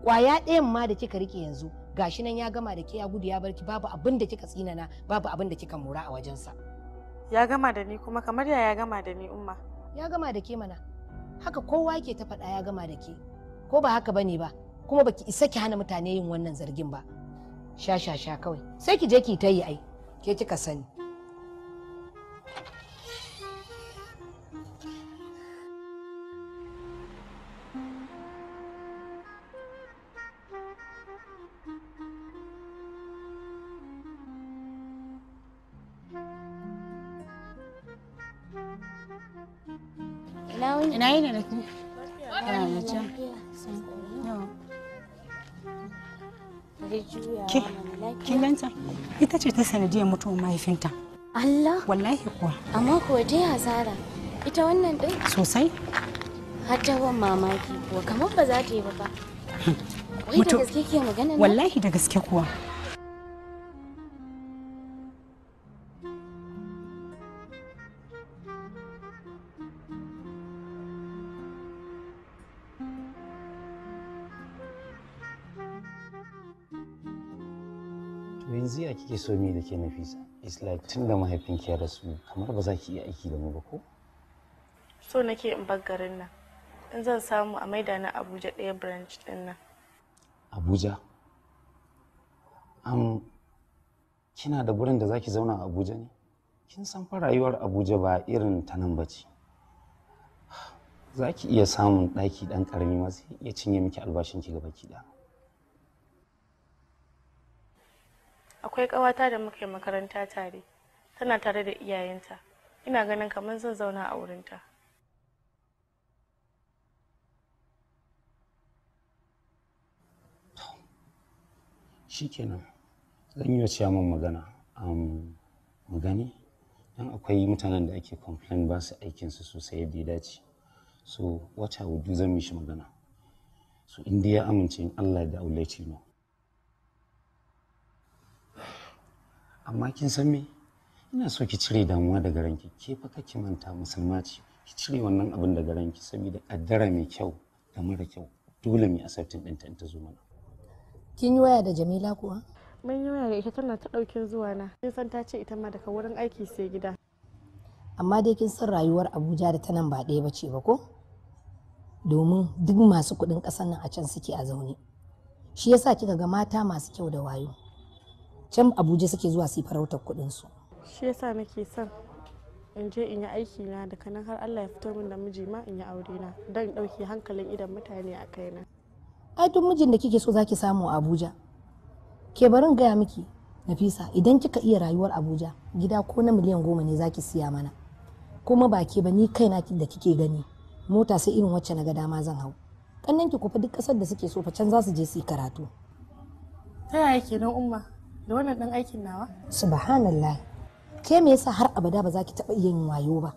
Kwaya ɗayan ma da kika rike yanzu gashi nan ya gama da ke ya gudu ya barki babu abin da kika tsinana babu abin da kika mura a wajensa ya gama da ni kuma kamar ya ya gama da ni umma ya gama da ke mana haka kowa yake ta faɗa ya gama da ke ko ba haka bane ba kuma baki isa ki hana mutane yin wannan zargin ba sha sha sha kawai sai ki je ki ta yi ai ke kika sani ya sanadiyar mutuwar mahaifinta Allah wallahi kuwa amma kuwa ta ya zara ita wannan ɗin? sosai har mamaki kuwa kamar ba za ta yi ba ba wai da gaske ke magana wallahi da gaske kuwa kike so me da ke nafisa it's like tun da mahaifinki ya rasu kamar ba za ki iya aiki da mu ba ko so nake in bar garin nan in zan samu a maida na abuja ɗaya branch din nan abuja am kina da gurin da zaki zauna a abuja ne kin san fa rayuwar abuja ba irin ta nan ba ce za ki iya samun ɗaki ɗan ƙarami ma sai iya cinye miki albashinki gaba ki ɗaya akwai ƙawata da muke makaranta tare tana tare da iyayenta ina ganin kamar zan zauna a wurinta shikenan zan yi wa min magana mu gani dan akwai mutanen da ake complain ba su aikinsu sosai yadda ya dace so wata wudu zan mishi magana so in ya amince in allah da aulaci no amma kin san me ina so ki cire damuwa daga ranki ke fa kake manta musulma ce ki cire wannan abin daga ranki saboda kaddara mai kyau da mara kyau dole mu asabtin ɗinta in ta zo mana kin yi waya da Jamila kuwa mun yi waya da ita tana ta ɗauke zuwa na kin san ta ce ita ma daga wurin aiki sai gida amma dai kin san rayuwar Abuja da ta nan ba ɗaya bace ba ko domin duk masu kuɗin ƙasar nan a can suke a zaune shi yasa kika ga mata masu kyau da wayo can abuja suke zuwa su farautar kuɗinsu shi yasa nake son in je in yi aiki na daga nan har allah ya fito min da miji ma in yi aure na don ɗauki hankalin idan mutane a kaina ai duk mijin da kike so zaki samu a abuja ke barin gaya miki nafisa idan kika iya rayuwar abuja gida ko na miliyan goma ne zaki siya mana kuma ba ke ba ni kaina da kike gani mota sai irin wacce na ga dama zan hau kannan ki kufa duk kasar da suke so fa can za su je su karatu ta yaya kenan umma da wannan dan aikin nawa subhanallah ke me yasa har abada ba za ki taba yin wayo ba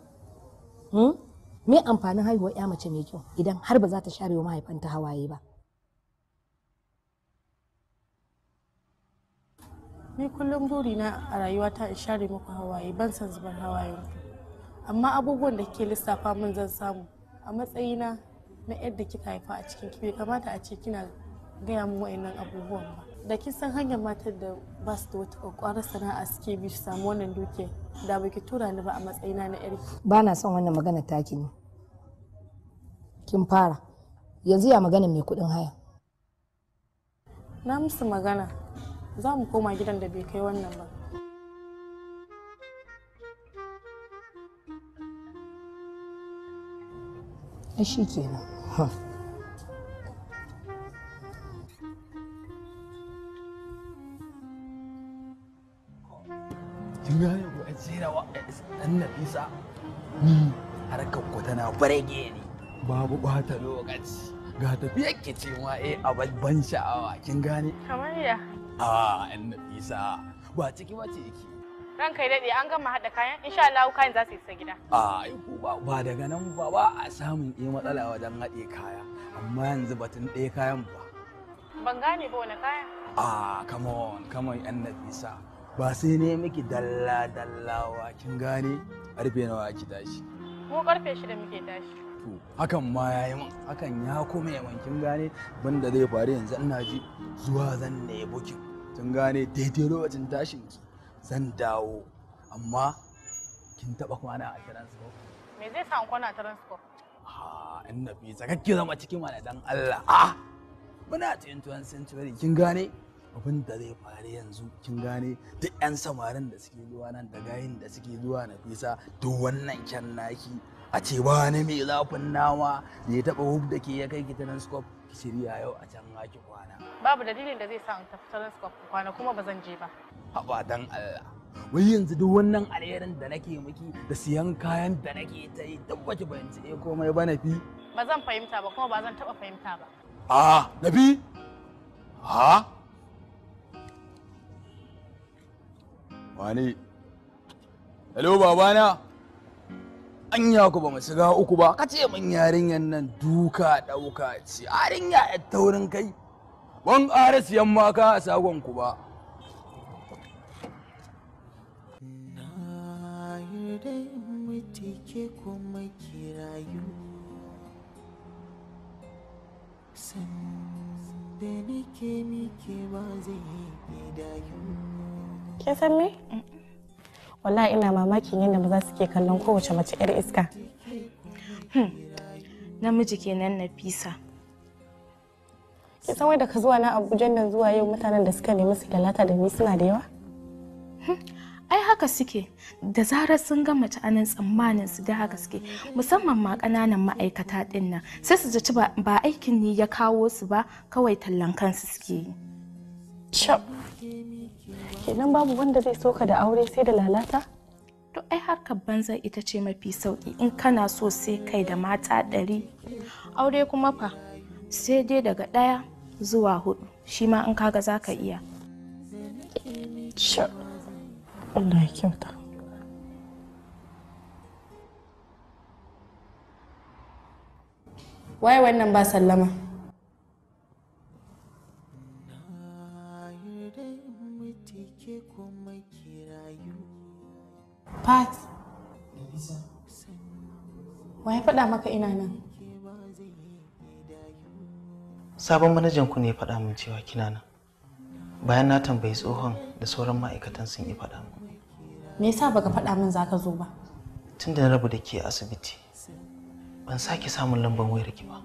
hmm? me amfanin haihuwar ya mace mai kyau idan har ba za ta share mahaifanta hawaye ba ni kullum buri na a rayuwa ta in share muku hawaye ban san zubar hawaye ku amma abubuwan da kike lissafa mun zan samu a matsayina na yadda kika haifa a cikin kibe kamata a ce kina gaya min wa'annan abubuwan ba da kin san hanyar matar da ba su da wata kwakwara sana'a suke bi su samu wannan duke da baki tura ni ba a matsayina na yarki ba na son wannan magana taki ne kin fara yanzu ya magana mai kudin haya na musu magana za mu koma gidan da bai kai wannan ba shi kenan ina yau a tsira wa dan nafisa ni harkar ku tana farege ne. babu bata lokaci ga tafiya ki cewa eh a ban sha'awa kin gane kamar ya a yan nafisa ba ciki ba ce yake ranka ya daɗe an gama hada kayan insha Allah kayan za su isa gida a ko ba ba daga nan ba ba a samun iya matsala wajen haɗe kaya amma yanzu batun ɗaya kayan ba ban gane ba wani kaya a come on come on yan nafisa ba sai ne miki dalla dallawa kin gane karfe nawa ki tashi mu karfe shida muke tashi to hakan ma ya min hakan ya kuma yaman kin gane banda zai faru yanzu ina ji zuwa zan ne bukin kin gane daidai lokacin tashin ki zan dawo amma kin taba kwana a transport me zai sa kwana a transport ha inna na bi zakakke zama cikin wani dan Allah ah muna cikin 20th century kin gane abin da zai faru yanzu kin gane duk yan samarin da suke zuwa nan da gayin da suke zuwa na fisa duk wannan kyan naki a ce ba ni mai zafin nama ya taba hub da ke ya kai ki telescope ki shirya yau a can haki kwana babu dalilin da zai sa in tafi telescope kwana kuma ba zan je ba haba dan Allah wai yanzu duk wannan alherin da nake miki da siyan kayan da nake ta yi tabbaci yanzu eh komai ba na fi ba zan fahimta ba kuma ba zan taba fahimta ba a na fi ha Wane? Hello babana? Anya ku ba mu shiga uku ba, ka ce min yarinyar nan duka ɗauka ce, yarinya ya taurin kai, ban ƙara siyan maka a sagon ku ba. Na yi dai mutike kuma ki rayu, san da nake mike ba zai yi dayu. Kin san me? Wallahi ina mamakin yadda su ke kallon kowace mace 'yar iska. Hmm. Namiji kenan na fisa. Kin san da ka zuwa na Abuja nan zuwa yau mutanen da suka nemi su lalata da ni suna da yawa? Hmm. Ai haka suke da zarar sun ga mace anan tsammanin su da haka suke musamman ma ƙananan ma'aikata ɗin nan sai su zaci ba aikin ni ya kawo su ba kawai tallan kansu suke yi. kenan babu wanda zai so da aure sai da lalata to ai harkar banza ita ce mafi sauki in kana so sai kai da mata ɗari aure kuma fa sai dai daga ɗaya zuwa hudu shi ma in kaga za ka iya Allah ya kyauta wannan ba sallama Fat. Wa ya faɗa maka ina nan? Sabon manajan ku ne ya faɗa min cewa kina nan. Bayan na tambayi tsohon da sauran ma'aikatan sun yi faɗa min. Me yasa baka faɗa min zaka zo ba? Tun da na rabu da ke asibiti, ban sake samun lambar wayar ki ba.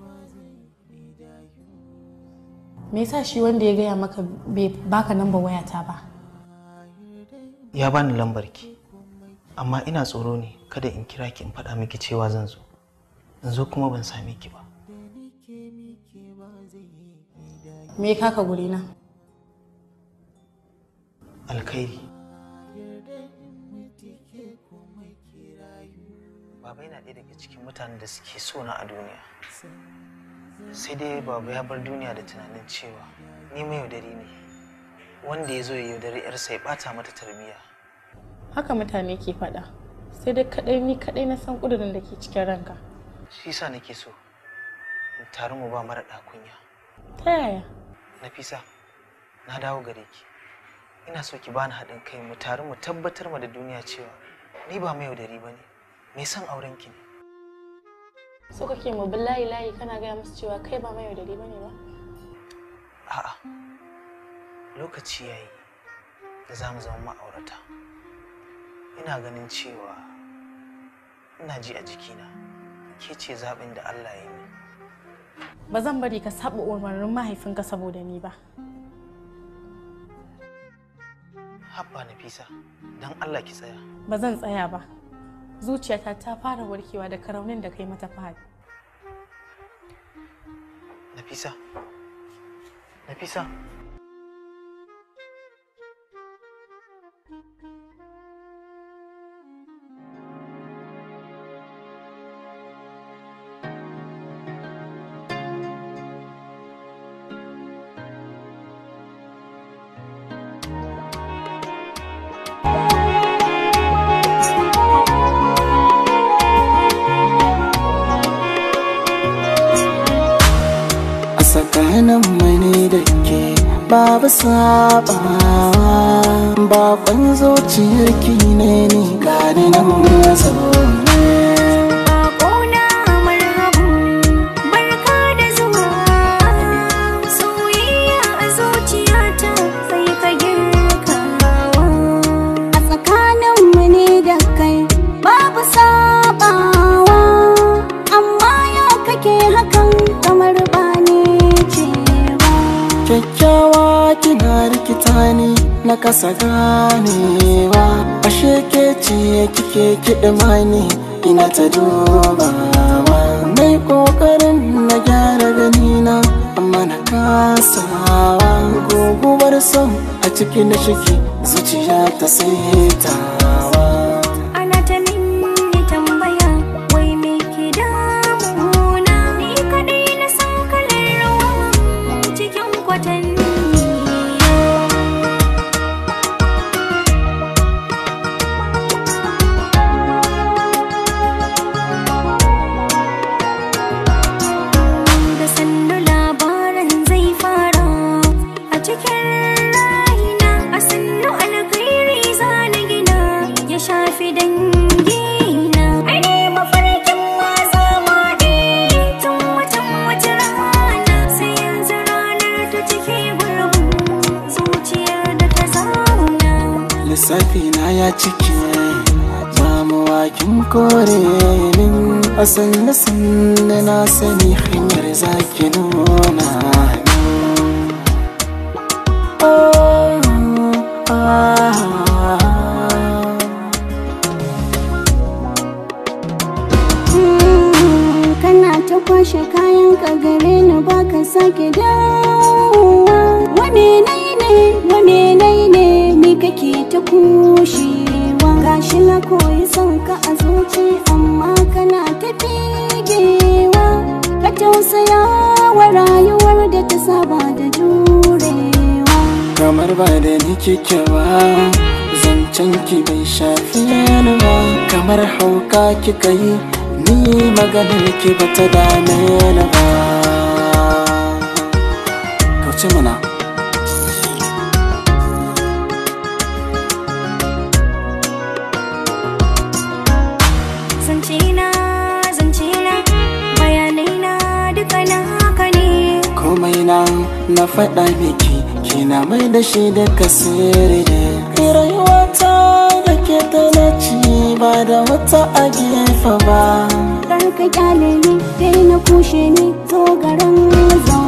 Me yasa shi wanda ya gaya maka bai baka lambar wayata ba? Ya bani lambar ki. amma ina tsoro ne kada in kira ki in faɗa miki cewa zan zo in zo kuma ban same ki ba me kaka guri na alkhairi baba yana ɗaya daga cikin mutanen da suke so na a duniya sai dai baba ya bar duniya da tunanin cewa ni mai yaudari ne wanda ya zo ya yaudari 'yarsa ya ɓata mata tarbiyya haka mutane ke faɗa sai dai kaɗai ni kaɗai na san ƙudurin da ke cikin ranka shi yasa nake so in taru mu ba mara ɗakunya ta yaya nafisa na dawo gare ki ina so ki bani haɗin kai mu taru mu tabbatar ma da duniya cewa ni ba mai yaudari ba ne mai son auren ki ne so kake mu bin layi layi kana gaya musu cewa kai ba mai yaudari ba ne ba a'a lokaci yayi da za mu zama ma'aurata ina ganin cewa ina ji a jikina ke ce zaɓin da Allah ya yi ba zan bari ka saba umarnin mahaifinka saboda ni ba na nafisa don Allah ki tsaya ba zan tsaya ba zuciyata ta fara warkewa da karaunin da kai mata fahad nafisa nafisa tsakanin mani da ke babu sabawa bakon zuciyar ki ne ni gani nan mazauna sani na kasa ganewa ashe ke ce kike kiɗa mani ina ta dubawa mai kokarin na gyara ganina amma na kasa kasawa guguwar son a cikin na shige zuciya ta ta a sanda-sanda na sani hanyar zaki nuna ah, ah, ah. kana ta kwashe kayan ka gare ni baka sake dawowa wa menai ne wa menai ne ni kake ta kushewa gashi na koyi son ka figewa ka tausaya rayuwar da ta saba da jurewa kamar ba da ni kike ba zancen ki bai shafi ni ba kamar hauka kika yi ni maganar ki bata dame ba kauce mana na faɗa miki kina mai da shi da kasiri ne ta da ke talaci ba da wata a gefa ba dan kyale ni dai na kushe ni to garin zan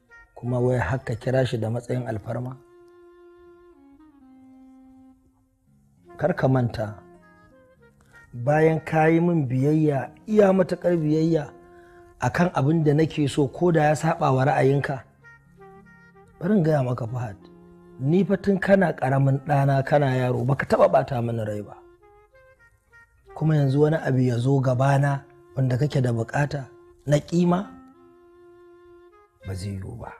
kuma wai haka kira shi da matsayin alfarma kar ka manta bayan ka yi min biyayya iya matuƙar biyayya akan abin da nake so ko da ya saba wa ra'ayinka bari gaya maka fahad ni fa tun kana ƙaramin ɗana kana yaro baka taɓa ɓata mini rai ba kuma yanzu wani abu ya zo gabana wanda kake da bukata na kima? ba zai yiwu ba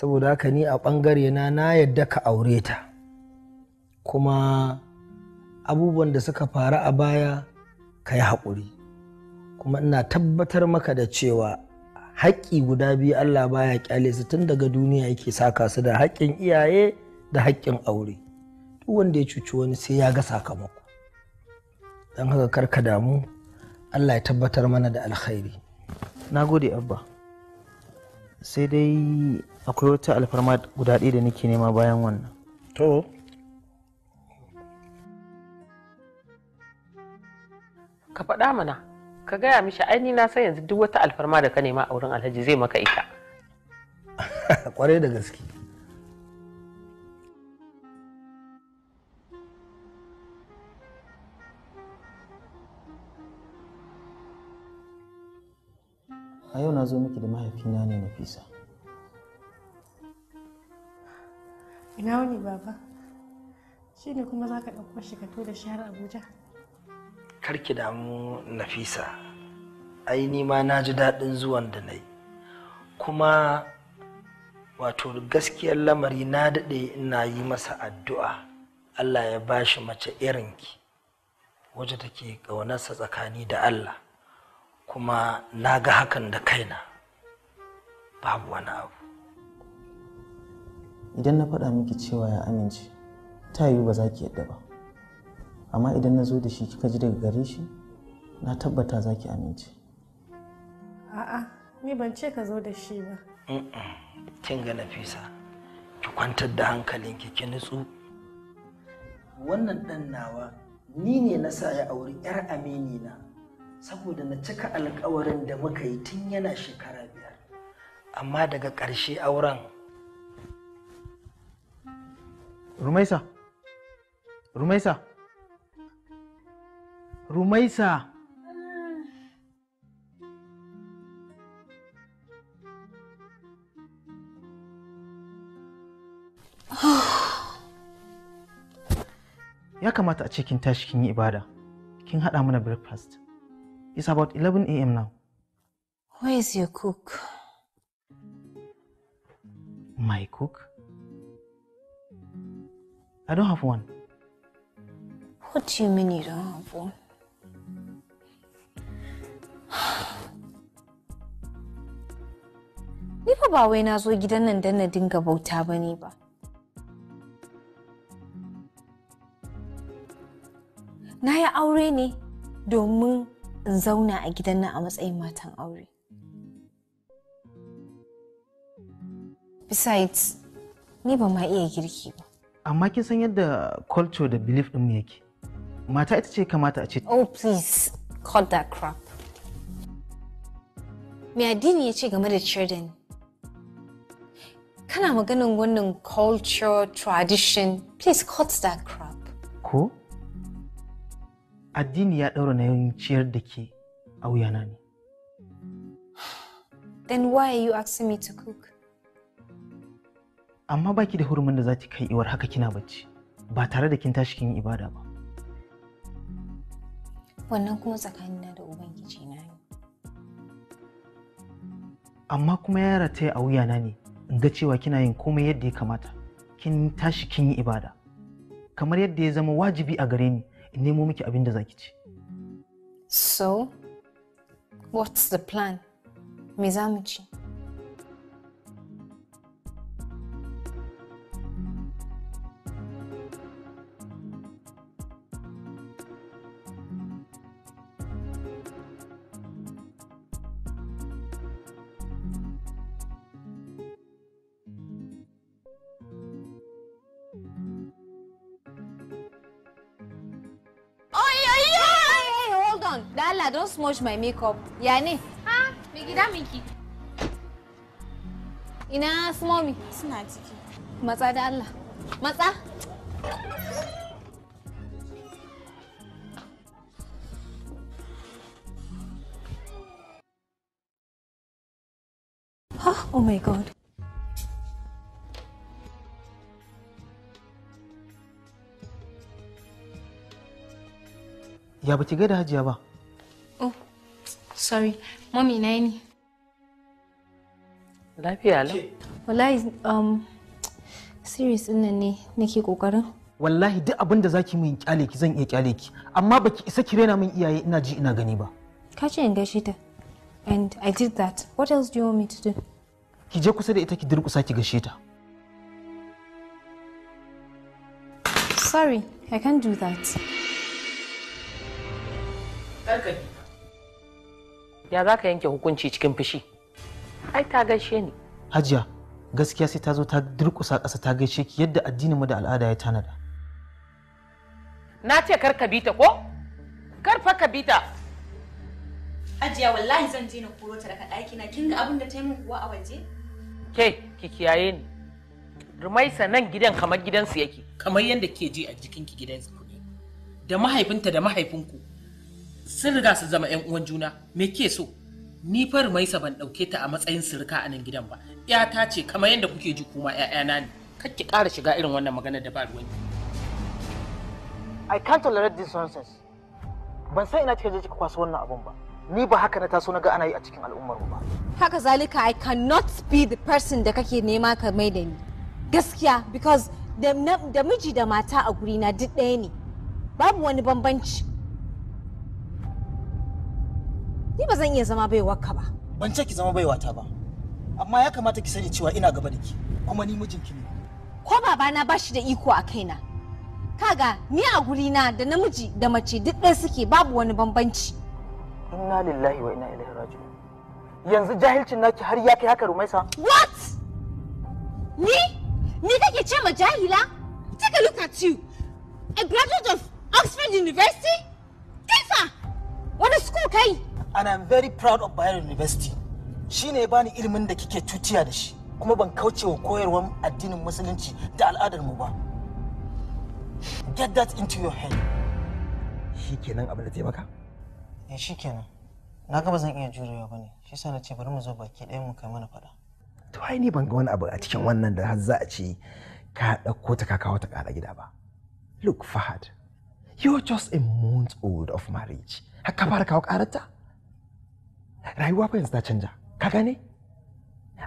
saboda haka ni a ɓangare na na yadda ka aure ta kuma abubuwan da suka faru a baya ka yi haƙuri kuma ina tabbatar maka da cewa haƙƙi guda biyu Allah baya ƙyale su tun daga duniya yake saka su da haƙƙin iyaye da haƙƙin aure duk wanda ya cuci wani sai ya ga sakamako don haka ka damu Allah ya tabbatar mana da alkhairi na gode abba sai dai akwai wata alfarma guda ɗaya da nake nema bayan wannan to ka faɗa mana ka gaya mishi aini na san yanzu duk wata alfarma da ka nema a wurin alhaji zai maka ita [laughs] kwarai da gaske a yau na zo miki da mahaifina ne na fisa. ina wani baba shi ne kuma za ka ɗauko shi ka to shi har abuja karki damu nafisa ai ni ma na ji daɗin zuwan da na yi kuma wato gaskiyar lamari na daɗe ina yi masa addu'a allah ya ba shi mace irinki waje take ƙaunarsa tsakani da allah kuma na ga hakan da kaina babu wani abu idan na faɗa miki cewa ya amince ta yiwu ba za ki yadda ba amma idan na zo da shi kika ji daga gare shi na tabbata za ki amince a'a ni ban ce ka zo da shi ba kin ga nafisa ki kwantar da hankalinki ki nutsu wannan ɗan nawa ni ne na sa ya auri 'yar amini na saboda na cika alkawarin da muka yi tun yana shekara biyar amma daga ƙarshe auren Rumaisa. Rumaisa. Rumaisa. [sighs] Ya kamata a ce kin tashi kin yi ibada. Kin haɗa mana breakfast. It's about 11 a.m. now. Where is your cook? My cook? I don't have one. What do you mean you don't have one? [sighs] Ni ba wai na zo gidan nan dan na dinga bauta ba ne ba. Na yi aure ne domin in zauna a gidan nan a matsayin matan aure. Besides, ni ba ma iya girki ba. amma kin san yadda culture da belief din mu yake mata ita ce kamata a ce oh please cut that crap me addini ya ce game da children kana maganin wannan culture tradition please cut that crap ko addini ya na yin ciyar da ke a wuyana ne then why are you asking me to cook amma baki da hurumin da za ki kai iwar haka kina bacci ba tare da kin tashi kin yi ibada ba wannan kuma tsakanina da ubangiji na ne amma kuma ya rataya a wuyana ne in ga cewa kina yin komai yadda ya kamata kin tashi kin yi ibada kamar yadda ya zama wajibi a gare ni in nemo miki abin da zaki ci so what's the plan me za ci I don't smudge my makeup. Ya ne? Ha, me gida miki. Ina smomi? momi? Suna ciki. Matsa da Allah. Matsa. Oh my god. Ya ba ki ga da hajiya ba? Sorry, mami na ne. Lafiya lau. Wallahi, um, series din nan ne nake kokarin. Wallahi duk abin da zaki min kyale ki zan iya kyale ki, amma baki isa ki rena min iyaye ina ji ina gani ba. Ka ce in gaishe ta. And I did that. What else do you want me to do? Ki je kusa da ita ki durƙusa ki gaishe ta. Sorry, I can't do that. Karkaki. ya za ka yanke hukunci cikin fushi ai ta gaishe ni hajiya gaskiya sai ta zo ta durkusa ƙasa ta gaishe ki yadda addinin mu da al'ada ya tanada na ce kar ka bita ko kar fa ka bita hajiya wallahi zan je na koro ta daga ɗaki na kin ga abin da ta yi min kuwa a waje ke ki kiyaye ni rumaisa nan gidan kamar gidansu yake kamar yadda ke ji a jikinki gidansu kuɗi da mahaifinta da mahaifinku sun riga su zama yan uwan juna me ke so ni far maisa ban ɗauke ta a matsayin sirka a nan gidan ba ta ce kamar yadda kuke ji kuma ƴaƴana ne kar ki ƙara shiga irin wannan magana da ba ruwanki I can't tolerate this nonsense ban san ina kika je kika kwaso wannan abun ba ni ba haka na taso na ga ana yi a cikin al'ummar ba haka zalika I cannot be the person da kake nema ka mai da ni gaskiya because da miji da mata a guri na duk ɗaya ne babu wani bambanci Ni ba zan iya zama baiwarka ba. Ban ce ki zama baiwata ba. Amma ya kamata ki sani cewa ina gaba da ki, kuma ni mijinki ne. Ko babana ba shi da iko a kaina. Kaga ni a gurina da namiji da mace duk ɗaya suke babu wani bambanci. Inna lillahi wa inna ilaihi raji'un. Yanzu jahilcin naki har ya kai haka Rumaisa? What? Ni? Ni kake ce ma jahila? Take a look at you. A graduate of Oxford University? Kaifa! Wani school kai? and I'm very proud of Bayero University. Shi ne bani ilimin da kike tutiya da shi, kuma ban kauce wa koyarwar addinin musulunci da al'adar mu ba. Get that into your head. Shi kenan abin da zai maka? Eh shi kenan. Na ga ba zan iya jurewa ba ne, shi sa na ce bari mu zo baki ɗaya mu kai mana faɗa. To ai ni ban ga wani abu a cikin wannan da har za a ce ka ɗauko ta ka kawo ta ƙara gida ba. Look Fahad, you're just a month old of marriage. Haka fara kawo ƙararta? rayuwa fa yanzu ta canja ka gane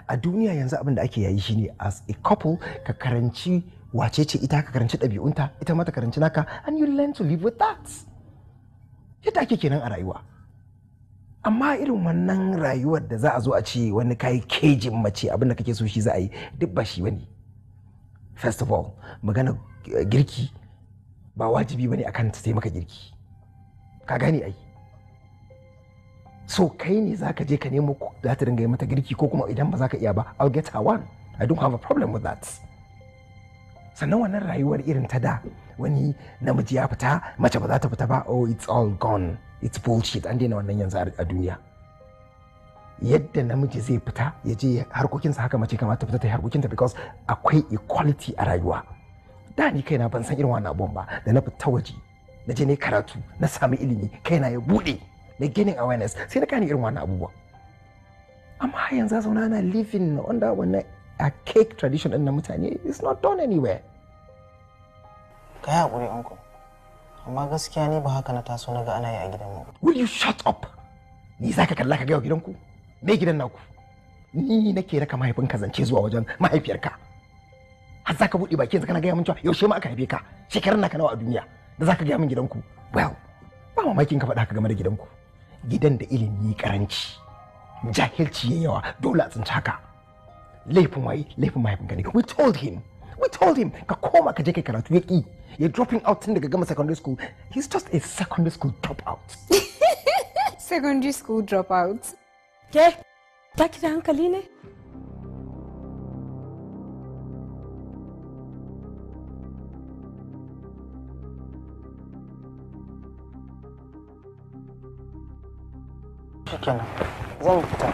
a duniya yanzu abin da ake yayi shine as a couple ka karanci wace ce ita ka karanci ɗabi'unta ita mata karanci naka and you learn to live with that yadda ake kenan a rayuwa amma irin wannan rayuwar da za a zo a ce wani kai kejin mace abin da kake so shi za a yi duk ba shi bane first of all magana eh, girki ba wajibi bane akan ta sai maka girki ka gane ai so kai ne za ka je ka nemo za ta dinga yi mata girki ko kuma idan ba za ka iya ba I'll get her one I don't have a problem with that sannan wannan rayuwar irin ta da wani namiji ya fita mace ba za ta fita ba oh it's all gone it's bullshit an daina wannan yanzu a duniya yadda namiji zai fita ya je harkokinsa haka mace kamata fita ta yi harkokinta because akwai equality a rayuwa da ni kaina ban san irin wannan abun ba da na fita waje na je ne karatu na sami ilimi kaina ya bude. da ganin awareness sai na kani irin wani abubuwa amma yanzu zauna na living na wanda wannan a cake tradition din na mutane is not done anywhere ka yi haƙuri anko amma gaskiya ne ba haka na taso na ga ana yi a gidanmu will you shut up ni za ka kalla ka gaya wa gidanku me gidan naku ni nake raka ka zance zuwa wajen mahaifiyarka har za ka buɗe baki yanzu kana gaya min cewa yaushe ma aka haife ka shekarun naka nawa a duniya da za ka gaya min gidanku well ba mamakin ka faɗa haka game da gidanku gidan da ilimi karanci jahilci ya yawa dole a tsinci haka laifin waye laifin mahaifin gani we told him we told him ka koma ka je kai karatu ya ki ya dropping out tun daga gama secondary school he's just a secondary school dropout [laughs] secondary school dropout ke ta ki da hankali ne kenan zan fita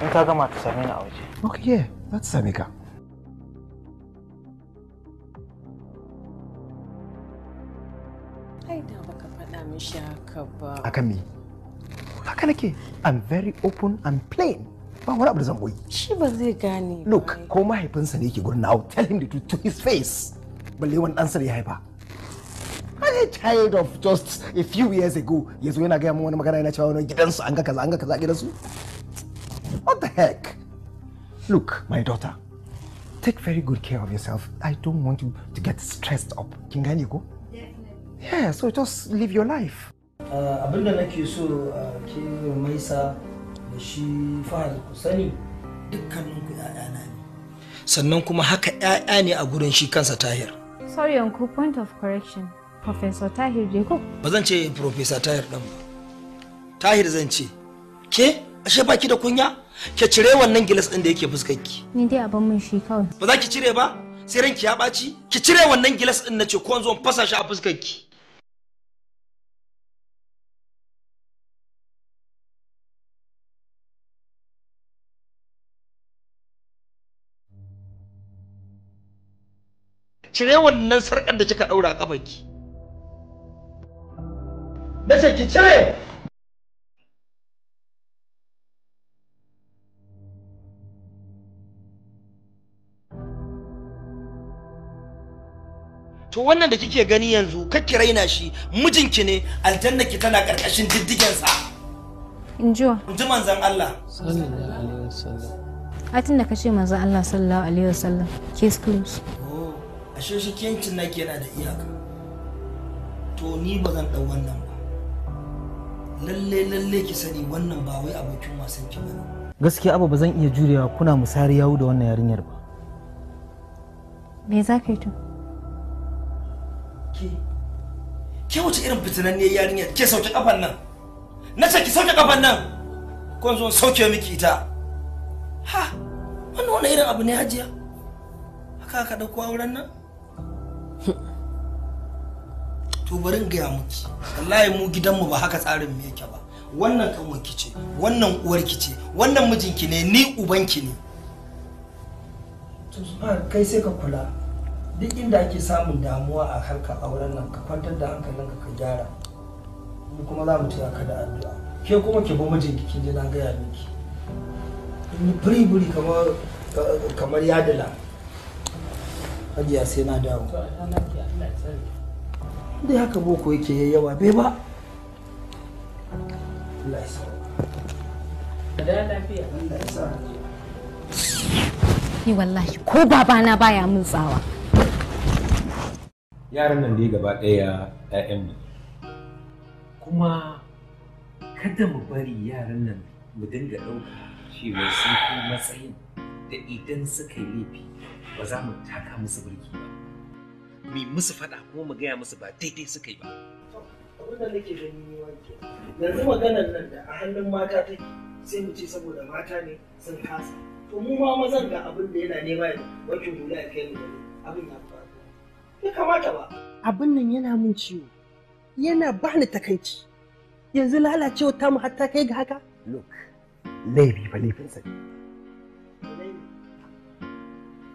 in ka gama ta same ni a waje okay yeah za ta same ka a kan baka haka ba akan me haka nake i'm very open and plain ba wani abu da zan boye shi ba zai gane look ko mahaifinsa ne yake gurin now tell him the truth to his face balle wani ɗansa da ya haifa a of just a few years ago yanzu yana gaya wani magana yana cewa wani gidansu an ga kaza an ga kaza gidansu what the heck look my daughter take very good care of yourself i don't want you to get stressed up kin gane ko yeah so just live your life uh, abinda nake so uh, ke maisa da shi fahad ku sani dukkanin ku ƴaƴana ne sannan kuma haka ƴaƴa ne a gurin shi kansa tahir sorry uncle point of correction Professor Tahir je ko? Ba zan ce Professor Tahir ɗan ba. Tahir zan ce, ke ashe baki da kunya? Ke cire wannan gilas ɗin da yake fuskarki. Ni dai abin mun shi kawai. Ba za ki cire ba? Sai ranki ya ɓaci? Ki cire wannan gilas ɗin na ce ko zo fasa shi a fuskarki. Cire wannan sarƙar da kika ɗaura a na ce ki cire to wannan da kike gani yanzu kakki raina shi mijinki ne aljanna ki tana karkashin diddigensa sa injo inji manzon Allah sallallahu alaihi wasallam a tun da ka ce manzon Allah sallallahu alaihi wasallam case close oh ashe shi kiyancin nake yana da iyaka to ni ba zan dau wannan lalle lalle ki sani wannan ba wai abokin wasan ki bane gaskiya abu ba zan iya jurewa kuna musari yawo da wannan yarinyar ba me za ka yi to ke ke wuce irin ne yarinyar ke sauke kafan nan na ce ki sauke kafan nan ko zo sauke miki ita ha wannan wani irin abu ne hajiya haka ka dauko auren nan [laughs] to bari gaya muki wallahi mu gidanmu ba haka tsarin mu yake ba wannan kanwarki ce wannan uwarki ce wannan mijinki ne ni ubanki ne kai sai ka kula duk inda ake samun damuwa a harkar auren nan ka kwantar da hankalinka ka gyara mu kuma za mu taya ka da addu'a ke kuma ki bo mijinki kin je na gaya miki ni buri buri kamar kamar yadala hajiya sai na dawo Allah ya dai haka boko yake yawa bai ba Allah ya sa wallahi ko babana baya mun tsawa yaran nan dai gaba ɗaya ƴaƴan mu kuma kada mu bari yaran nan mu dinga ɗauka cewa sun fi matsayin da idan suka yi laifi ba za mu taka musu birki ba mu musu faɗa kuma mu gaya musu ba daidai suka yi ba. Abin da nake gani ne wanke. Yanzu maganar nan da a hannun mata take sai mu ce saboda mata ne sun kasa. To mu ma mazan ga abin da yana nema ne wanke hula ya kai mu gani abin ya faru. ya kamata ba. Abin nan yana min ciwo. Yana ba ni takaici. Yanzu lalacewa ta mu hatta kai ga haka? Look, laifi ba laifinsa ne.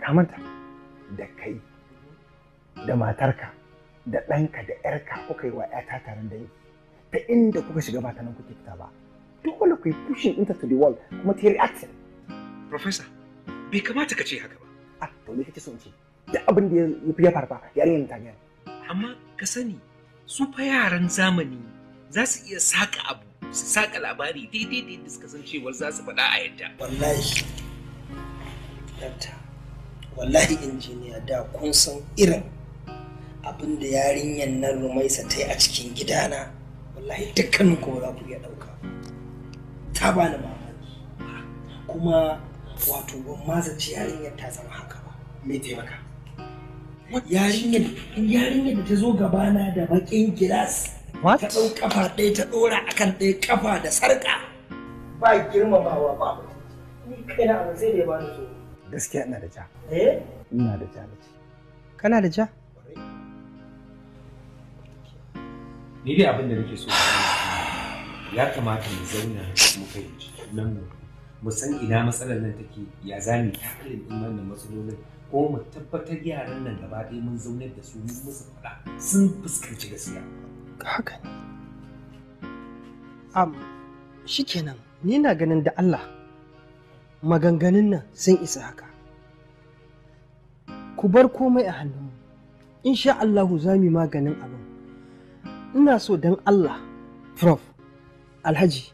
Kamanta da kai da matarka da ɗanka da ‘yarka kuka yi wa ‘yata taron da ta inda kuka shiga ba ta nan kuke fita ba dole ku yi pushing into the wall kuma ta yi reaction. Professor, bai kamata ka ce haka ba. Ah, to ne kake son ce? da abin da ya fi ya farfa yarinyar ta gani. Amma ka sani su fa yaran zamani za su iya saka abu su saka labari daidai da yadda suka san cewar za su faɗa a yadda. Wallahi, wallahi injiniya da kun san irin abin da yarinyar nan rumaisa ta yi a cikin gidana wallahi dukkanin ko za ku iya ɗauka ta bani mamaki kuma wato ban ma ce yarinyar ta zama haka ba me taimaka yarinyar yarinyar da ta zo gabana da bakin gilas ta ɗau kafa ɗaya ta ɗora akan ɗaya kafa da sarƙa ba girmamawa ba ni kaina abin sai da ya bani so gaskiya ina da ja eh ina da ja kana da ja ni dai abin da nake so ya kamata mu zauna mu fahimci nan mu mu san ina matsalar nan take ya za mu takalin din wannan matsalolin ko mu tabbatar yaran nan gaba ɗaya mun zauna da su mun musu faɗa sun fuskanci gaskiya haka ne am shikenan ni na ganin da Allah maganganun nan sun isa haka ku bar komai a hannunmu insha Allah za mu maganin abu ina so don Allah prof alhaji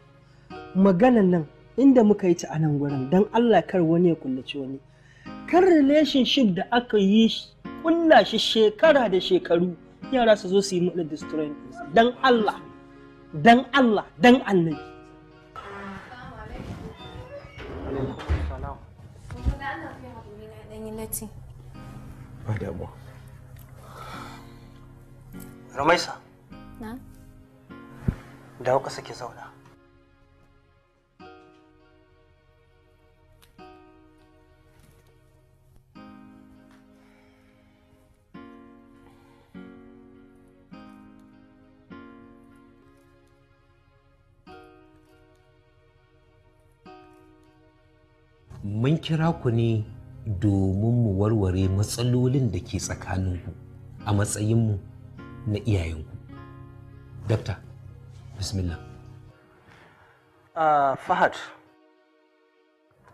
maganan nan inda muka yi ta a nan gurin don Allah kar wani ya kullaci wani kan relationship da aka yi kulla shi shekara da shekaru yara su zo su yi muɗa destroying don Allah don Allah don annabi Ramaisa na dawo ƙasa ki zauna mun kira ku ne domin mu warware matsalolin da ke tsakaninku a matsayinmu na iyayenku Dokta, bismillah. Uh, Fahad,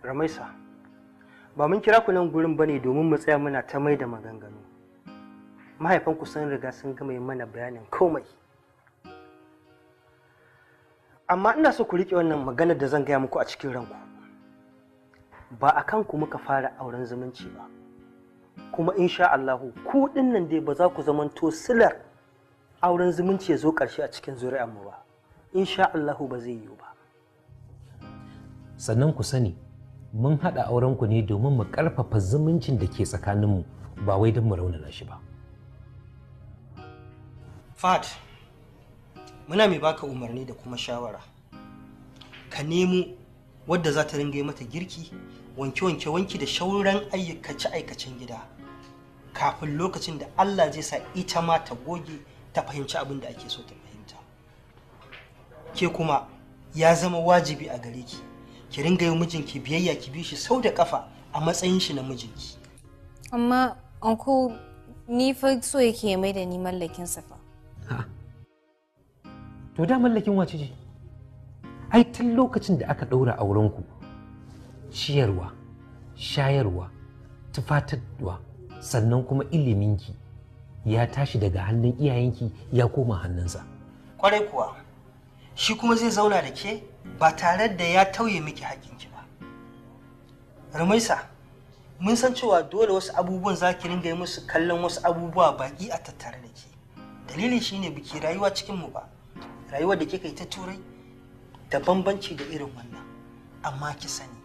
Ramaisa, ba mun kira ku nan gurin ba ne domin mu tsaya muna ta mai da maganganu. Mahaifanku san riga sun gama mana bayanin komai. Amma ina so ku riƙe wannan maganar da zan gaya muku a cikin ranku. Ba a kan ku muka fara auren zumunci ba. Kuma insha Allahu, ku dinnan dai ba za ku zamanto silar auren zumunci ya zo ƙarshe a cikin zuri'anmu ba insha Allahu ba zai yiwu ba sannan ku sani mun haɗa aurenku ne domin mu ƙarfafa zumuncin da ke tsakaninmu ba wai don mu raunana shi ba fat muna mai baka umarni da kuma shawara ka nemo wadda za ta ringa mata girki wanke-wanke wanki da shauran aikace-aikacen gida kafin lokacin da Allah zai sa ita ma ta goge ta fahimci abin da ake so ta fahimta ke kuma ya zama wajibi a gare ki ki ringa yi mijinki biyayya ki bi shi sau da kafa a matsayin shi na mijinki amma anko ni fa so yake mai da ni mallakin sa fa to da mallakin wace ce ai tun lokacin da aka ɗaura ku ciyarwa shayarwa tufatarwa sannan kuma ilimin ki. ya tashi daga hannun iyayenki ya koma hannunsa kwarai kuwa shi kuma zai zauna da ke ba tare da ya tauye miki ki ba rumaisa mun san cewa dole wasu abubuwan za ki ringa yi musu kallon wasu abubuwa baki a tattare da ke dalili ne biki rayuwa cikin mu ba Rayuwa da kika yi ta turai da bambanci da irin wannan amma ki sani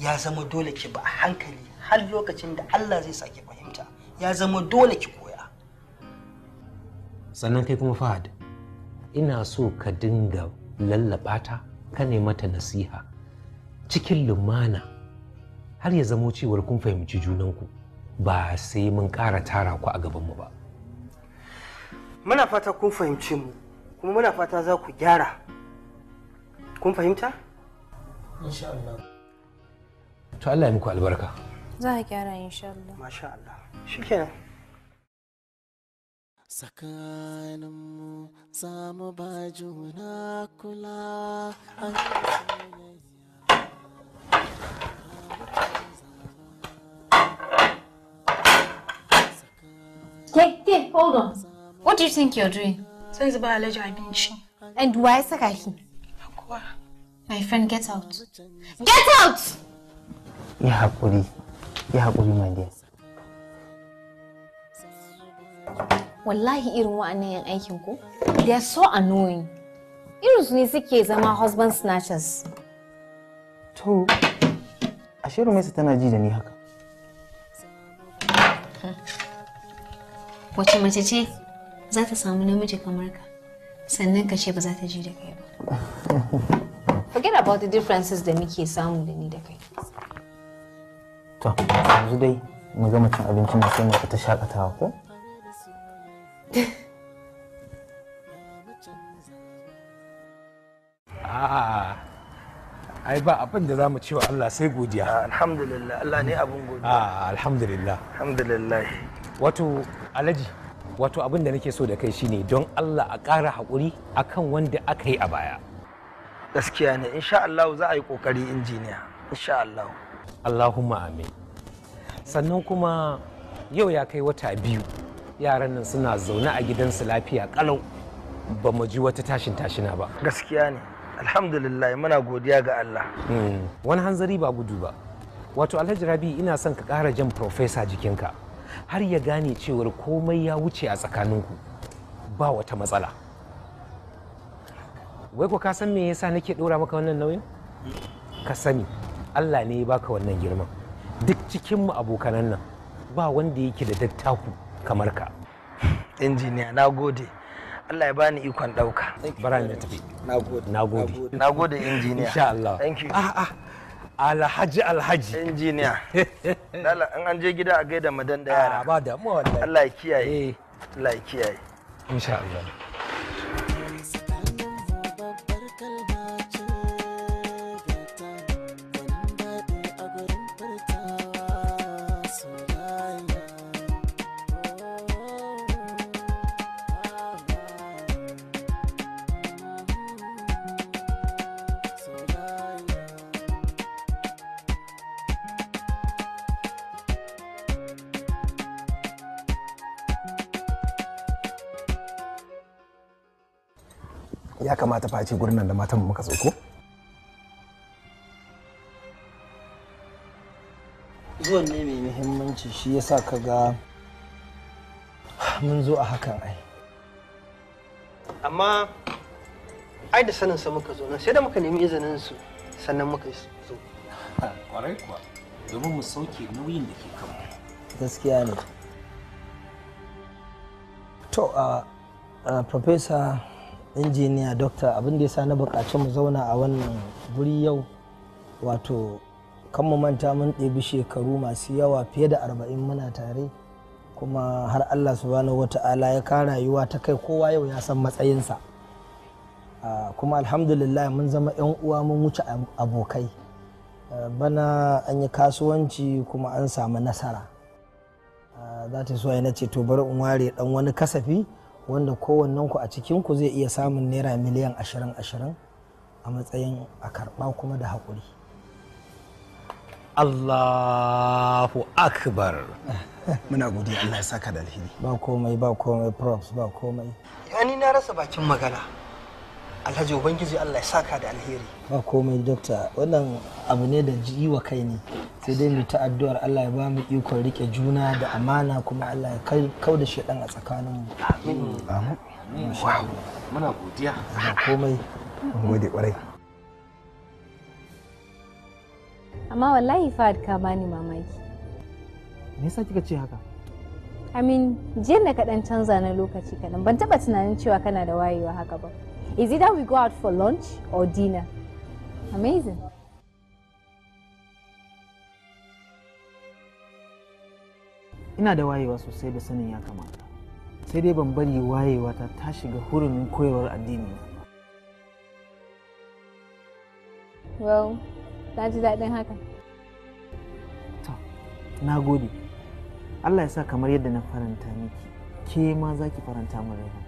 ya zama dole ki ba a hankali har lokacin da Allah zai sake fahimta ya zama dole ki sannan kai kuma fahad ina so ka dinga lallaba ta ka ne mata nasiha cikin lumana har ya zamo cewar kun fahimci junanku ba sai mun ƙara tara ku a gabanmu ba muna fata kun fahimci mu kuma muna fata za ku gyara kun fahimta? insha Allah to Allah ya muku albarka za a gyara insha Allah masha Allah shikenan tsakaninmu za mu ba juna kula Take, take, hold on. What do you think you're doing? Since ba alaji abinci. And why saka ki? Kuwa. My friend, get out. Get out! Yi hakuri. Yi hakuri, my dear. wallahi irin wa'annan yan aikin ku they are so annoying irin su ne suke zama husband snatchers to ashe sa tana ji da ni haka wace mace ce za ta samu namiji kamar ka sannan ka ce ba za ta ji da kai ba forget about the differences da muke samu da ni da kai to yanzu dai mu gama cin abincin na sai mu fita shakatawa ko ai ba abin da za mu cewa Allah sai godiya alhamdulillah Allah ne abin godiya alhamdulillah alhamdulillah wato alaji wato abin da nake so da kai shine don Allah a ƙara haƙuri akan wanda aka yi a baya gaskiya ne insha Allah za a yi ƙoƙari injiniya insha Allah Allahumma amin sannan kuma yau ya kai wata biyu yaran nan suna zaune a gidansu lafiya kalau ba mu ji wata tashin tashina ba gaskiya ne alhamdulillah muna godiya ga Allah hmm. wani hanzari ba gudu ba wato alhaji rabi ina son ka kara jan profesa jikinka har ya gane cewar komai ya wuce a tsakaninku ba wata matsala wai ko ka san me yasa nake ɗora maka wannan nauyin ka sani Allah ne ya baka wannan girman duk cikinmu abokanan nan ba wanda yake da dattaku kamar ka injiniya na gode Allah ya bani ikon dauka bara ne tafi na gode na gode injiniya insha Allah thank you ah ah alhaji alhaji injiniya dala [laughs] in an je gida a gaida madan da ah, yara ba da mu wallahi Allah ya kiyaye eh. Allah ya kiyaye insha Allah kamata fa a ce gurin nan da matan muka sauko zuwan ne mai muhimmanci shi ya sa ka ga mun zo a hakan ai amma ai da sanin sa muka zo nan sai da muka nemi izinin su sannan muka zo kwarai kuwa domin mu sauke nauyin da ke kan gaskiya ne to a professor injiniya dokta abin da ya sa na bukaci mu zauna a wannan guri yau wato kan mu manta mun ɗebi shekaru masu yawa fiye da arba'in muna tare kuma har allah subhanahu wata'ala ya ka rayuwa ta kai kowa yau ya san matsayinsa kuma alhamdulillah mun zama 'yan uwa mun wuce abokai bana an yi kasuwanci kuma an samu nasara za ta so na ce to bari in ware dan wani kasafi wanda ku a cikinku zai iya samun naira miliyan ashirin ashirin a matsayin a karɓa kuma da haƙuri Allahu akbar [laughs] muna godiya Allah ya saka da alheri ba komai ba komai props ba komai ni na rasa bakin magana alhaji ubangiji allah ya saka da alheri ba komai dokta wannan abu ne da ji wa kai ne sai dai mu ta addu'ar allah ya ba mu ikon rike juna da amana kuma allah ya kau da shi a tsakanin mu muna godiya ba komai gode kwarai amma wallahi fahad ka bani mamaki me yasa kika ce haka amin jiya na kaɗan canza na lokaci kaɗan ban taɓa tunanin cewa kana da wayewa haka ba is either we go out for lunch or dinner. Amazing. Ina da wayewa sosai da sanin ya kamata. Sai dai ban bari wayewa ta ta shiga hurumin koyarwar addini. Well, ta ji daɗin haka. To, na gode. Allah ya sa kamar yadda na faranta miki, ke ma za ki faranta min rai.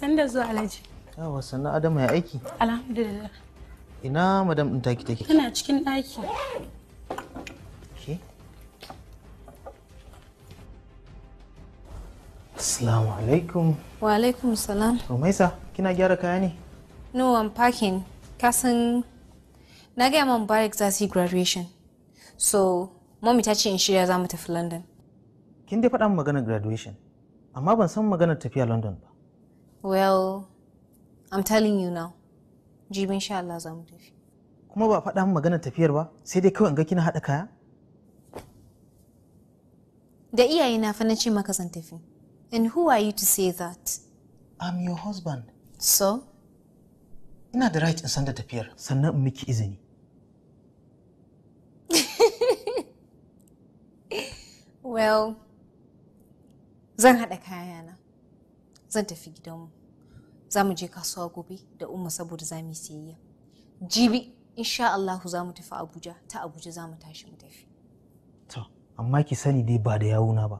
San da zuwa Alhaji. Yawa sannan Adamu ya aiki? Alhamdulillah. Ina madam ɗin taki take? Tana cikin ɗaki. Ke? Assalamu alaikum. Wa alaikum salam. Rumaisa, kina gyara kaya ne? No, I'm packing. Kasan na gaya man Barak za su yi graduation. So, mommy ta ce in shirya za mu tafi London. Kin dai faɗa maganar graduation, amma ban san maganar tafiya London ba. well i'm telling you now jibi insha Allah za mu tafi kuma ba faɗa mu maganar tafiyar ba sai dai kawai an ga kina haɗa kaya da iyaye na fa na ce maka zan tafi and who are you to say that i'm your husband so ina da right in san da tafiyar sannan in miki izini [laughs] well zan haɗa kayana zan tafi gidanmu za mu je kasuwa gobe da umma saboda za mu yi jibi insha Allah za mu tafi Abuja ta Abuja za mu tashi mu tafi to amma ki sani dai ba da yawuna ba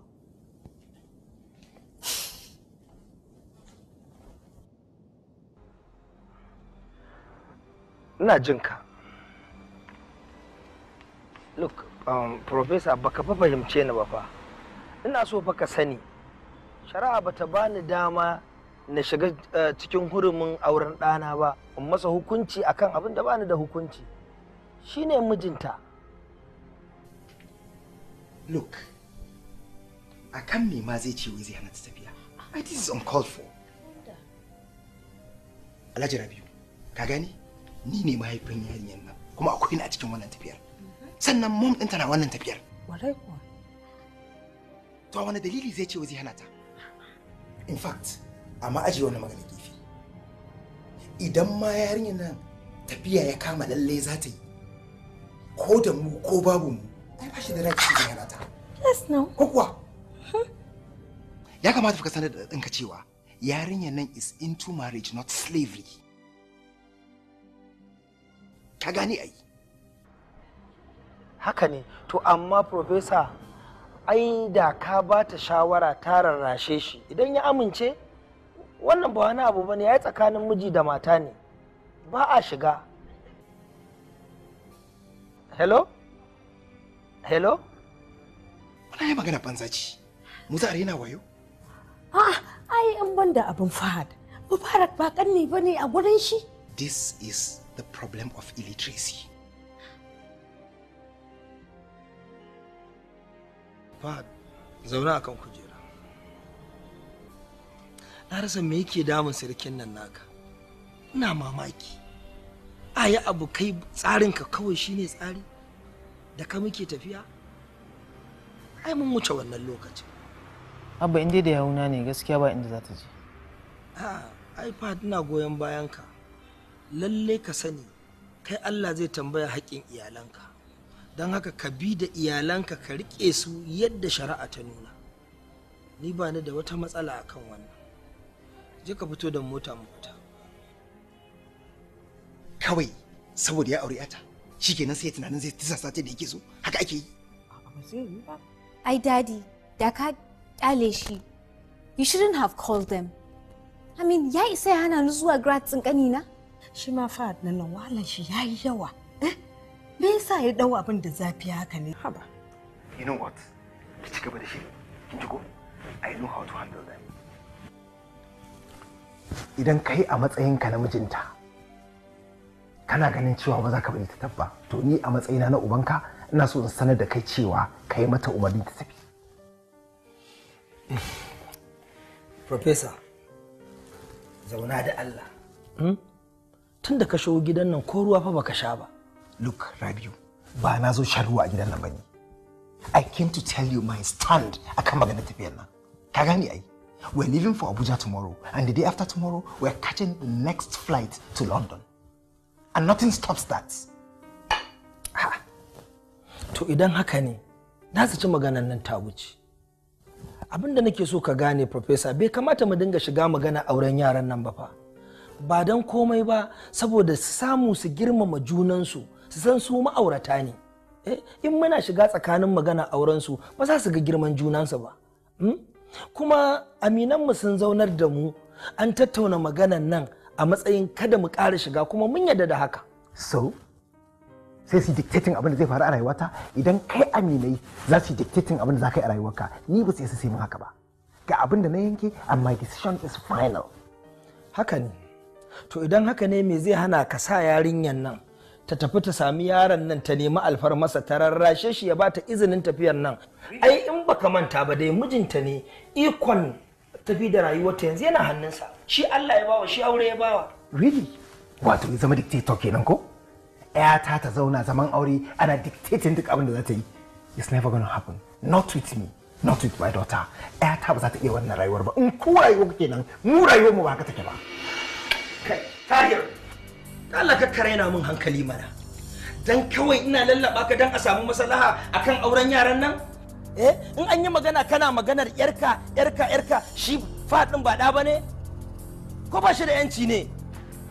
ina jin ka look um, professor baka fahimce ni ba fa ina so baka ka sani shari'a bata bani dama na shiga eh, cikin hurumin auren ɗana ba in masa hukunci akan abin da bani da hukunci shine mijinta look a kan me ma zai ce wai zai hana ta tafiya i this is uncalled for alhaji rabiu ka gani ni ne mahaifin yarinyar nan kuma akwai ni a cikin wannan tafiyar sannan mom ɗinta na wannan tafiyar warai kuwa to wani dalili zai ce wai zai hana ta in fact a ajiye wani magana kifi, idan ma yarinyar nan tafiya ya kama lalle za ta yi ko da mu ko babu mu ai ba shi da rafi da yana ta yes no ko kuwa ya kamata ka sanar da ɗinka cewa yarinyar nan is into marriage not slavery ka gane ai haka ne to amma professor ai da ka ba ta shawara ta rarrashe shi idan ya amince wannan ba wani abu bane ya yi tsakanin miji da mata ne ba a shiga hello hello ana yi magana banza ce mu a wayo ah ai an ban da abin fahad mubarak ba kanne bane a gurin shi this is the problem of illiteracy Fahad, zauna akan kujera. Na rasa me yake damun sirkin nan naka. Ina mamaki. A yi abu kai tsarinka kawai shine tsari da ka muke tafiya? Ai mun wuce wannan lokacin. Abba inda da yauna ne gaskiya ba inda za ta je. Ai Fahad ina goyon bayanka. Lalle ka sani kai Allah zai tambaya haƙƙin iyalanka. don haka ka bi da iyalanka ka riƙe su yadda shari'a ta nuna ni ba ni da wata matsala akan wannan je ka fito da mota mota kawai saboda ya aure shi kenan sai tunanin zai tisasa ta da yake so haka ake yi ai dadi da ka kyale shi you shouldn't have called them i mean ya isa ya hana ni zuwa grad tsinkani na shi ma fa nan wahalar shi yayi yawa eh me yasa ya dau abin da zafi haka ne haba you know what ki ci gaba da shi kin ji ko i know how to handle that idan kai a matsayin ka na mijinta kana ganin cewa ba za ka bari ta tabba to ni a matsayina na ubanka ina so in sanar da kai cewa kai mata umarni ta tafi Professor, zauna da Allah. Hmm? Tun da ka shigo gidan nan ko ruwa fa baka sha ba. Look, Rabiu, ba na zo sharuwa a gidan nan ba ne. I came to tell you my stand a kan maganar tafiyar nan. Ka gani ai? We're leaving for Abuja tomorrow, and the day after tomorrow, we're catching the next flight to London. And nothing stops that. To idan haka ne, na ci maganar nan ta wuce. Abin da nake so ka gane, Professor, bai kamata mu dinga shiga magana auren yaran nan ba fa. Ba don komai ba, saboda su samu su girmama junansu. su san su ma'aurata ne eh, in muna shiga tsakanin magana auren su ba za su ga girman junansu ba hmm? kuma Aminan mu sun zaunar da mu an tattauna maganan nan a matsayin kada mu ƙara shiga kuma mun yadda da haka so sai su dictating abin da zai faru a rayuwata idan kai aminai za su dictating abin da za ka a rayuwarka ni ba su sai mun haka ba ga abin da na yanke and my decision is final haka ne to idan haka ne me zai hana ka sa yarinyan nan ta tafi ta sami yaron nan ta nemi alfar masa, ta rarrashe shi ya ba ta izinin tafiyar nan ai in baka manta ba dai mijinta ne ikon tafi da rayuwar ta yanzu yana hannunsa shi Allah ya bawa shi aure ya bawa really wato ya zama dictator kenan ko ƴata ta zauna zaman aure ana dictating duk abin da za ta yi it's never gonna happen not with me not with my daughter ƴata ba za ta iya wannan rayuwar ba in ku rayuwar kenan mu rayuwar mu ba haka take ba kai tahir Allah ka na mun hankali mana dan kawai ina lallaba ka dan a samu maslaha akan auren yaran nan eh in an yi magana kana maganar yarka yarka yarka shi fadin ba da bane ko ba shi da yanci ne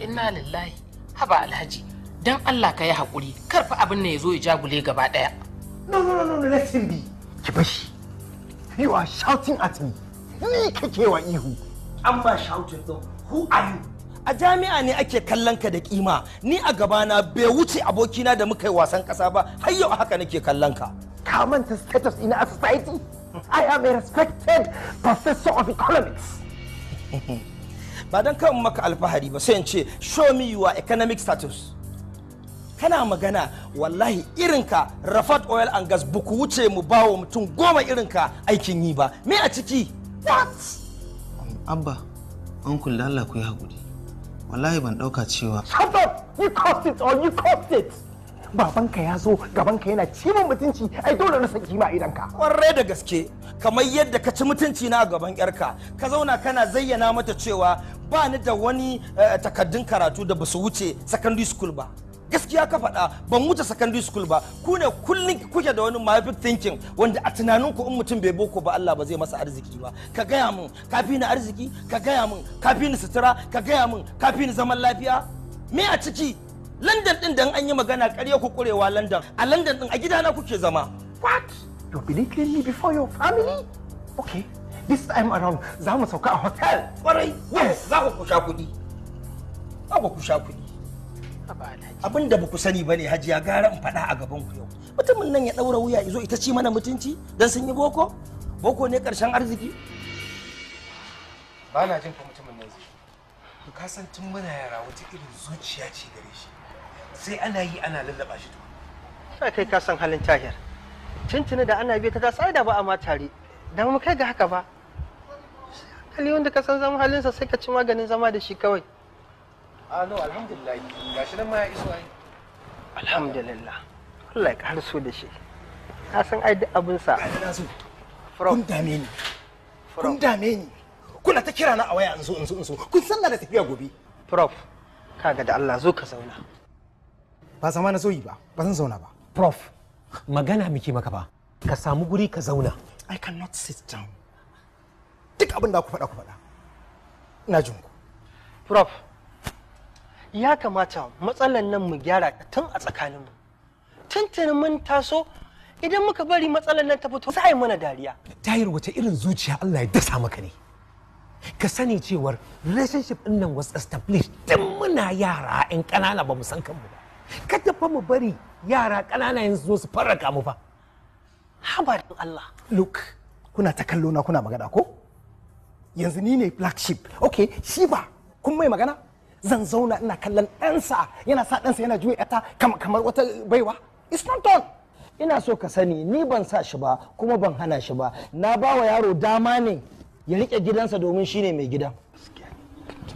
inna lillahi haba alhaji dan Allah ka yi hakuri kar abin ne ya zo ya jagule gaba daya no no no no let him be ki bashi you are shouting at me ni kake wa ihu an ba shouting though who are you a jami'a ne ake kallon ka da kima ni a gabana bai wuce abokina da muka yi wasan kasa ba har yau haka nake kallon ka ka manta status ina a society i am a respected professor of economics [laughs] ba don kan maka alfahari ba sai in ce show me your economic status kana magana wallahi irinka rafat oil and gas buku wuce mu bawa mutum goma irinka aikin yi ba me a ciki what amba an kula Allah ku yi hakuri wallahi ban dauka cewa shut up you it or you cost it babanka ya zo gabanka yana cimin mutunci ai dole na saki ma idanka kwarai da gaske kamar yadda ka ci mutunci na gaban yarka ka zauna kana zayyana mata cewa ba ni da wani eh, takardun karatu da basu wuce secondary school ba gaskiya ka faɗa ban wuce secondary school ba ku ne kullum kuke da wani myopic thinking wanda a tunanin ku in mutum bai boko ba Allah ba zai masa arziki ba ka gaya min ka fi ni arziki ka gaya min ka fi ni sutura ka gaya min ka fi ni zaman lafiya me a ciki London din da an yi magana ƙarya ku kurewa London a London din a gidana kuke zama what you belittling me before your family okay this time around za mu sauka a hotel kwarai yes za ku sha kuɗi za ku sha kuɗi abin da baku sani bane hajiya gara in faɗa a gaban ku yau mutumin nan ya ɗaura wuya izo ita ci mana mutunci dan sun yi boko boko ne ƙarshen arziki ba na jin ku mutumin nan zai ka san tun muna yara wata irin zuciya ce gare shi sai ana yi ana lallaba shi to sai kai ka san halin tahir tuntuni da ana biya ta ta tsada ba a ma tare da mu kai ga haka ba kali wanda ka san zama halinsa sai ka ci maganin zama da shi kawai a ah, alhamdulillah alhamdulillah Allah ya ƙara so da shi na san ai duk abin sa kun dame ni kun dame ni kuna ta kira na a waya in so in so kun san na da tafiya gobe prof kaga da Allah zo ka zauna ba sama na yi ba ba zan zauna ba prof magana miki maka ba ka samu guri ka zauna i cannot sit down duk abin da ku faɗa ku faɗa ina jin ku prof ya kamata matsalar nan mu gyara tun a tsakanin mu tuntuni mun taso idan muka bari matsalar nan ta fito za a yi mana dariya Tayar wace irin zuciya Allah ya dasa maka ne ka sani cewar relationship din nan was established din muna yara in kanana ba mu san kanmu ba kada fa mu bari yara kanana yanzu zo su farraka mu fa habarin Allah look kuna ta kallo kuna magana ko yanzu ni ne black sheep okay shi kun mai magana zan zauna ina kallon ɗansa yana sa ɗansa yana juya ta kamar wata baiwa it's not done ina so ka sani ni ban sa shi ba kuma ban hana shi ba na ba wa yaro dama ne ya rike gidansa domin shine mai gidan.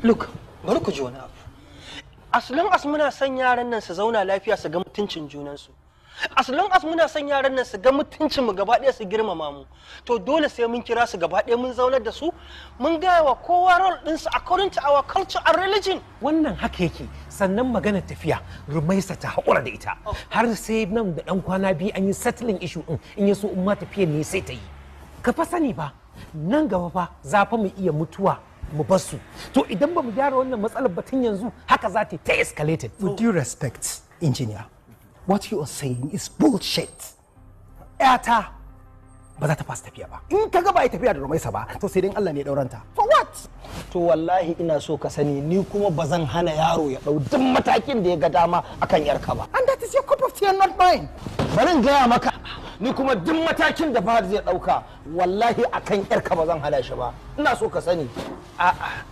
look bari ku ji wani abu as muna son yaran nan su zauna lafiya su ga mutuncin junansu as long as muna son yaran nan su ga mutuncin mu gaba ɗaya su girmama mu to dole sai mun kira su gaba ɗaya mun zaunar da su mun gaya wa kowa role su according to our culture and religion wannan haka yake sannan magana tafiya rumaisa ta haƙura da ita oh. har sai nan da ɗan kwana biyu an yi settling issue din in ya so in ma ne sai ta yi ka fa sani ba nan gaba fa za fa mu iya mutuwa mu bar su to idan ba mu gyara wannan matsalar batun yanzu haka za ta ta escalated with due respect engineer what you are saying is bullshit yata ba za ta fasa tafiya ba in ka ga ba tafiya da rumaisa ba to sai Allah ne ta. for what to wallahi ina so ka sani ni kuma ba zan hana yaro ya ɗau matakin da ya ga dama akan yarka ba and that is your cup of tea and not mine bari in gaya maka ni kuma duk matakin da Fahad zai dauka wallahi akan yarka ba zan hada shi ba ina so ka sani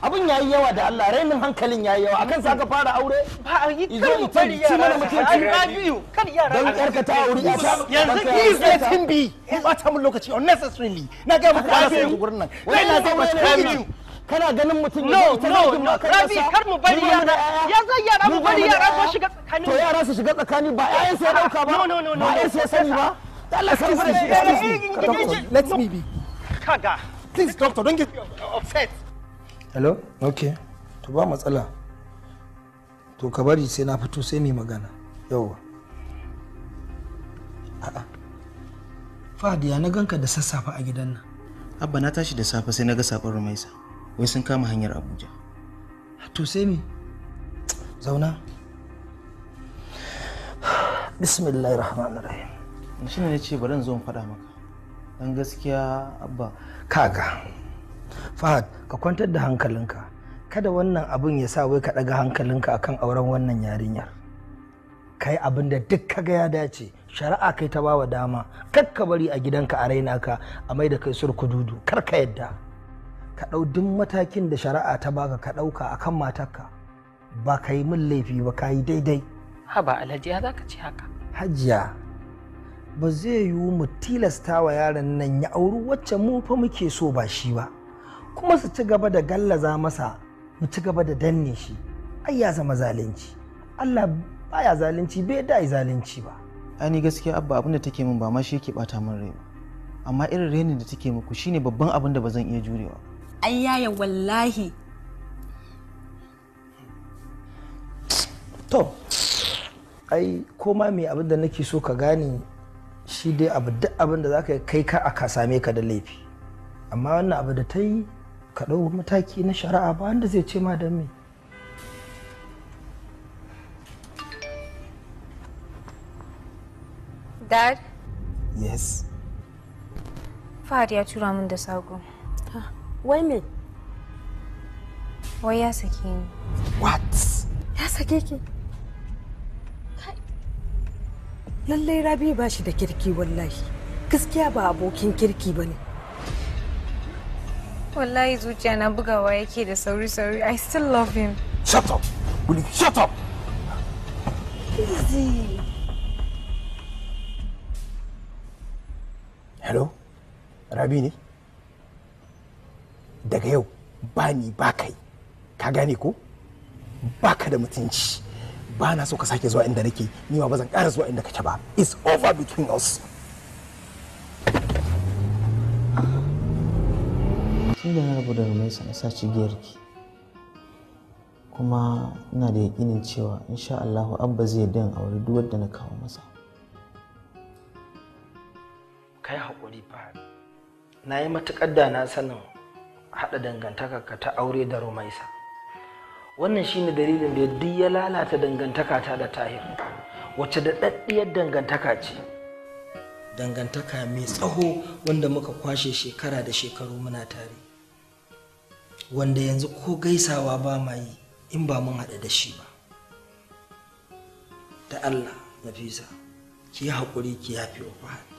abin yayi yawa da Allah rainin hankalin yayi yawa akan sa ka fara aure ba yi kar mu bari yara an rabiu kar yara dan yarka ta aure ya ta yanzu is zai be ku bata mun lokaci unnecessarily na ga mu ba sai gurin nan wai na zai much rabiu kana ganin mutum ya ta ma no rabi kar mu bari yara ya zai yara mu bari yara ko shiga tsakani to yara su shiga tsakani ba eh, ƴaƴansu ya dauka ba no no no ba ƴaƴansu ya sani ba Excuse me, excuse me. Doctor, let me be. Kaga. Please, doctor, don't get upset. Hello? Okay. To ba matsala. To ka bari sai na fito sai mu magana. Yawwa. A'a. Fadi ya na ganka da sassafe a gidan nan. Abba na tashi da safe sai na ga sakon Rumaisa. Wai sun kama hanyar Abuja. To sai me? Zauna. [sighs] Bismillahirrahmanirrahim. shi ne ce bari zo faɗa maka dan gaskiya abba kaga fahad ka kwantar da hankalinka kada wannan abin ya sa wai ka ɗaga hankalinka akan auren wannan yarinyar kai abin da duk kaga ya dace shari'a kai ta bawa dama kar ka bari a gidanka a raina ka a mai da kai surkududu kar ka yadda ka ɗau duk matakin da shari'a ta baka ka ɗauka akan matarka ba ka yi min laifi ba ka daidai haba alhaji ya za ka ce haka hajiya ba zai yiwu mu tilasta wa yaron nan ya auri wacce mu fa muke so ba shi ba kuma su ci gaba da gallaza masa mu ci gaba da danne shi ai ya zama zalunci Allah baya zalunci bai da zalunci ba ani gaskiya abba abin da take min ba ma shi yake bata min rai amma irin renin da take muku shine babban abin da ba zan iya jurewa ai yaya wallahi to ai koma mai abin da nake so ka gane shi dai abu duk abin da za ka kai ka aka same ka da laifi amma wannan abu da ta yi ka ɗau mataki na shari'a ba wanda zai ce ma da me Dad? Yes. Fahad ya tura min da sago. Wai me? Wai ya sake ni. What? Ya sake ki? lallai rabi ba shi da kirki wallahi gaskiya ba abokin kirki ba ne wallahi zuciya na bugawa yake da sauri sauri i still love him shut up will you shut up easy hello rabi ne daga yau bani ni ba kai ka gane ko baka da mutunci ba na so ka sake zuwa inda nake ni ma ba zan ƙara zuwa inda kake ba it's over between us sai da na rabu da rumaisa na saci giyarki kuma ina da ƙinin cewa insha Allah abba zai dan aure duk da na kawo masa kai hakuri fa na yi matukar da na sanin haɗa dangantaka ka ta aure da rumaisa wannan shine dalilin da duk ya lalata dangantaka ta da tahir wacce da daddiyar dangantaka ce dangantaka mai tsaho wanda muka kwashe shekara da shekaru muna tare wanda yanzu ko gaisawa ba ma yi in ba mun haɗa da shi ba da allah nafisa ki haƙuri ki yafi wa fahimta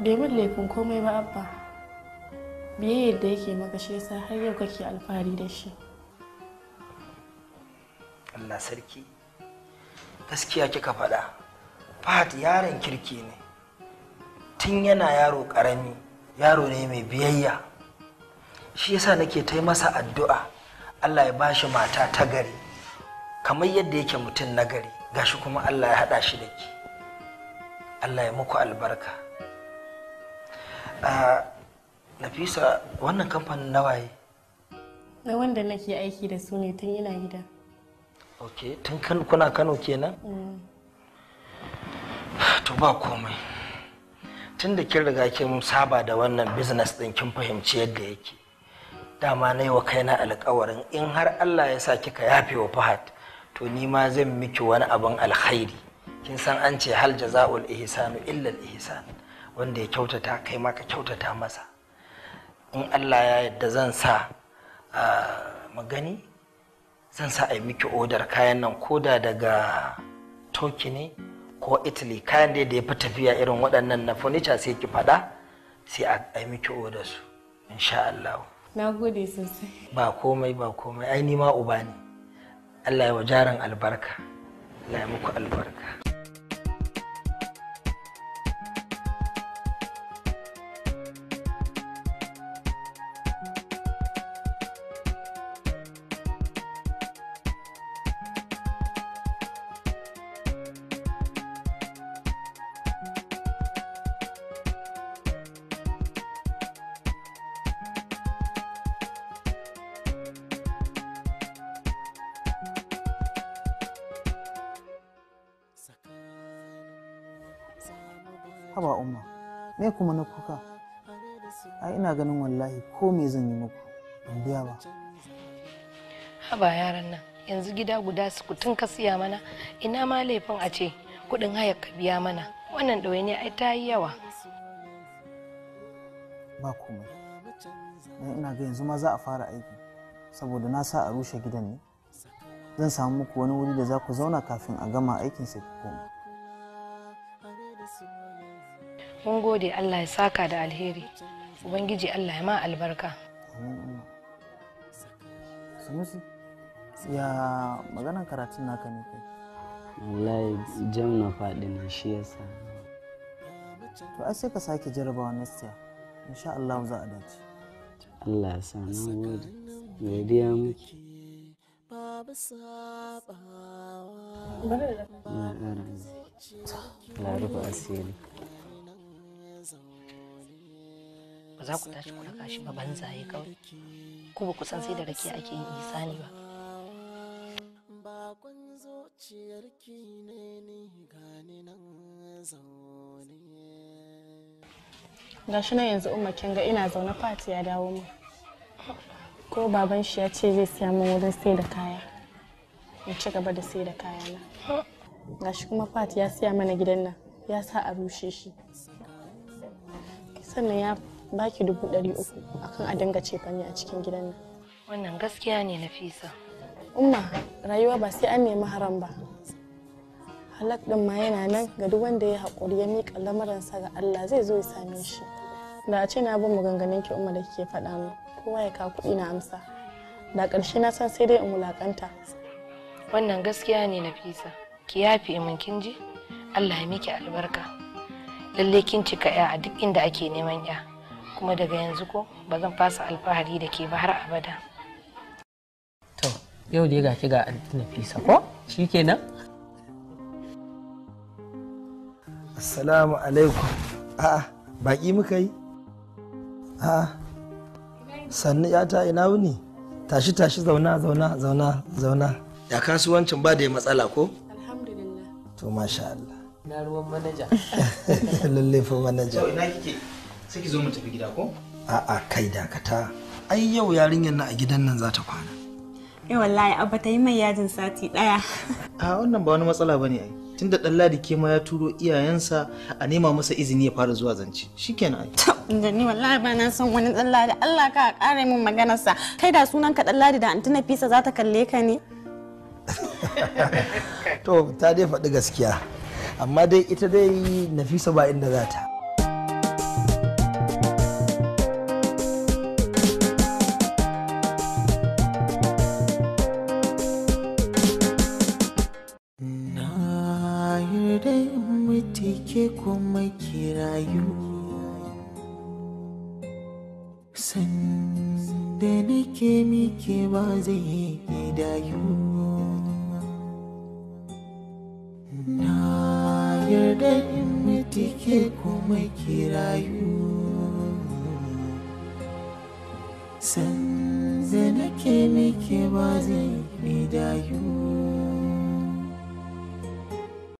bai min laifin komai ba abba biyayyar da yake maka shi yasa har yau kake alfahari da shi Allah sarki gaskiya kika faɗa Fahad yaron kirki ne tun yana yaro ƙarami yaro ne mai biyayya shi yasa nake ta masa addu'a Allah ya bashi mata ta gari kamar yadda yake mutum na gari gashi kuma Allah ya haɗa shi da ki Allah ya muku albarka Nafisa wannan kamfanin na waye? Na wanda nake aiki da su ne tun ina gida. Ok, tun kuna Kano kenan? Mm. To ba komai. Tun da kin riga kin saba da wannan business ɗin kin fahimci yadda yake. Dama na yi wa kaina alkawarin in har Allah ya sa kika yafe wa Fahad, to ni ma zan miki wani abin alkhairi. Kin san an ce hal jaza'ul ihsanu illa al ihsan. wanda ya kyautata kai ma ka kyautata masa in allah ya yadda zan sa magani zan sa a yi miki odar kayan nan ko da daga toki ne ko italy kayan da ya fi tafiya irin waɗannan na furniture sai ki faɗa sai a yi miki odar su insha allah na gode sosai ba komai ba komai ai ni ma uba ne allah ya wa jarin albarka allah ya muku albarka kuma na kuka ai ina ganin wallahi ko me zan yi muku in biya ba haba yaran nan yanzu gida guda su tun ka siya mana ina ma laifin a ce kudin haya ka biya mana wannan ɗawainiya ai ta yi yawa ba komai dan ina ga yanzu ma za a fara aiki saboda na sa a rushe gidan ne zan samu muku wani wuri da za ku zauna kafin a gama aikin sai ku koma mun gode Allah ya saka da alheri ubangiji Allah ya ma albarka sanusi ya maganan karatun naka ne kai wallahi jam na faɗi na shi yasa to ai sai ka sake jarabawa next year insha Allah za a dace Allah ya sa na gode godiya miki babu sabawa da asiri ba za ku tashi ku raka shi ba banzaye kawai ku ba ku san sai da rake ake yin isani ba bakon ne ni gani nan zaune nan yanzu umma kin ga ina zaune fati ya dawo mu ko baban shi ya ce zai siya min wurin sai da kaya in ci gaba da sai da kaya na shi kuma fati ya siya mana gidan nan ya sa a rushe shi sannan ya baki dubu ɗari uku akan a dinga cefane a cikin gidan nan wannan gaskiya ne nafisa umma rayuwa ba sai an nemi haram ba halak din ma yana nan ga duk wanda ya haƙuri ya miƙa sa ga Allah zai zo ya same shi da a ce na bin maganganun ki umma da kike faɗa min kowa ya ka kuɗi na amsa da ƙarshe na san sai dai in wulaƙanta wannan gaskiya ne nafisa ki yafe min kin ji Allah ya miki albarka lalle kin cika ya a duk inda ake neman ya kuma daga yanzu ko ba zan fasa alfahari da ke ba har abada to yau dai ga ki ga antina fisa ko kenan? assalamu alaikum a'a baki muka yi a'a sannu ta ina wuni tashi tashi zauna zauna zauna zauna ya kasuwancin ba da ya matsala ko alhamdulillah to masha Allah na ruwan manaja [laughs] lalle manaja ina kike sai ki zo mu tafi gida ko a'a kai dakata ai yau yarinyar na a gidan nan za ta kwana eh wallahi abba ta yi mai yajin sati daya a wannan ba wani matsala bane ai tunda dan ladi ke ma ya turo iyayensa a nema masa izini ya fara zuwa zance shikenan ai da ni wallahi ba na son wani dan ladi Allah ka kare min maganarsa kai da sunan ka dan ladi da antuna fisa za ta kalle ka ne [laughs] to ta dai faɗi gaskiya amma dai ita dai nafisa ba inda za ta ba zai idayu na yarda in mutike kuma kirayu san zai ke mike ba zai idayu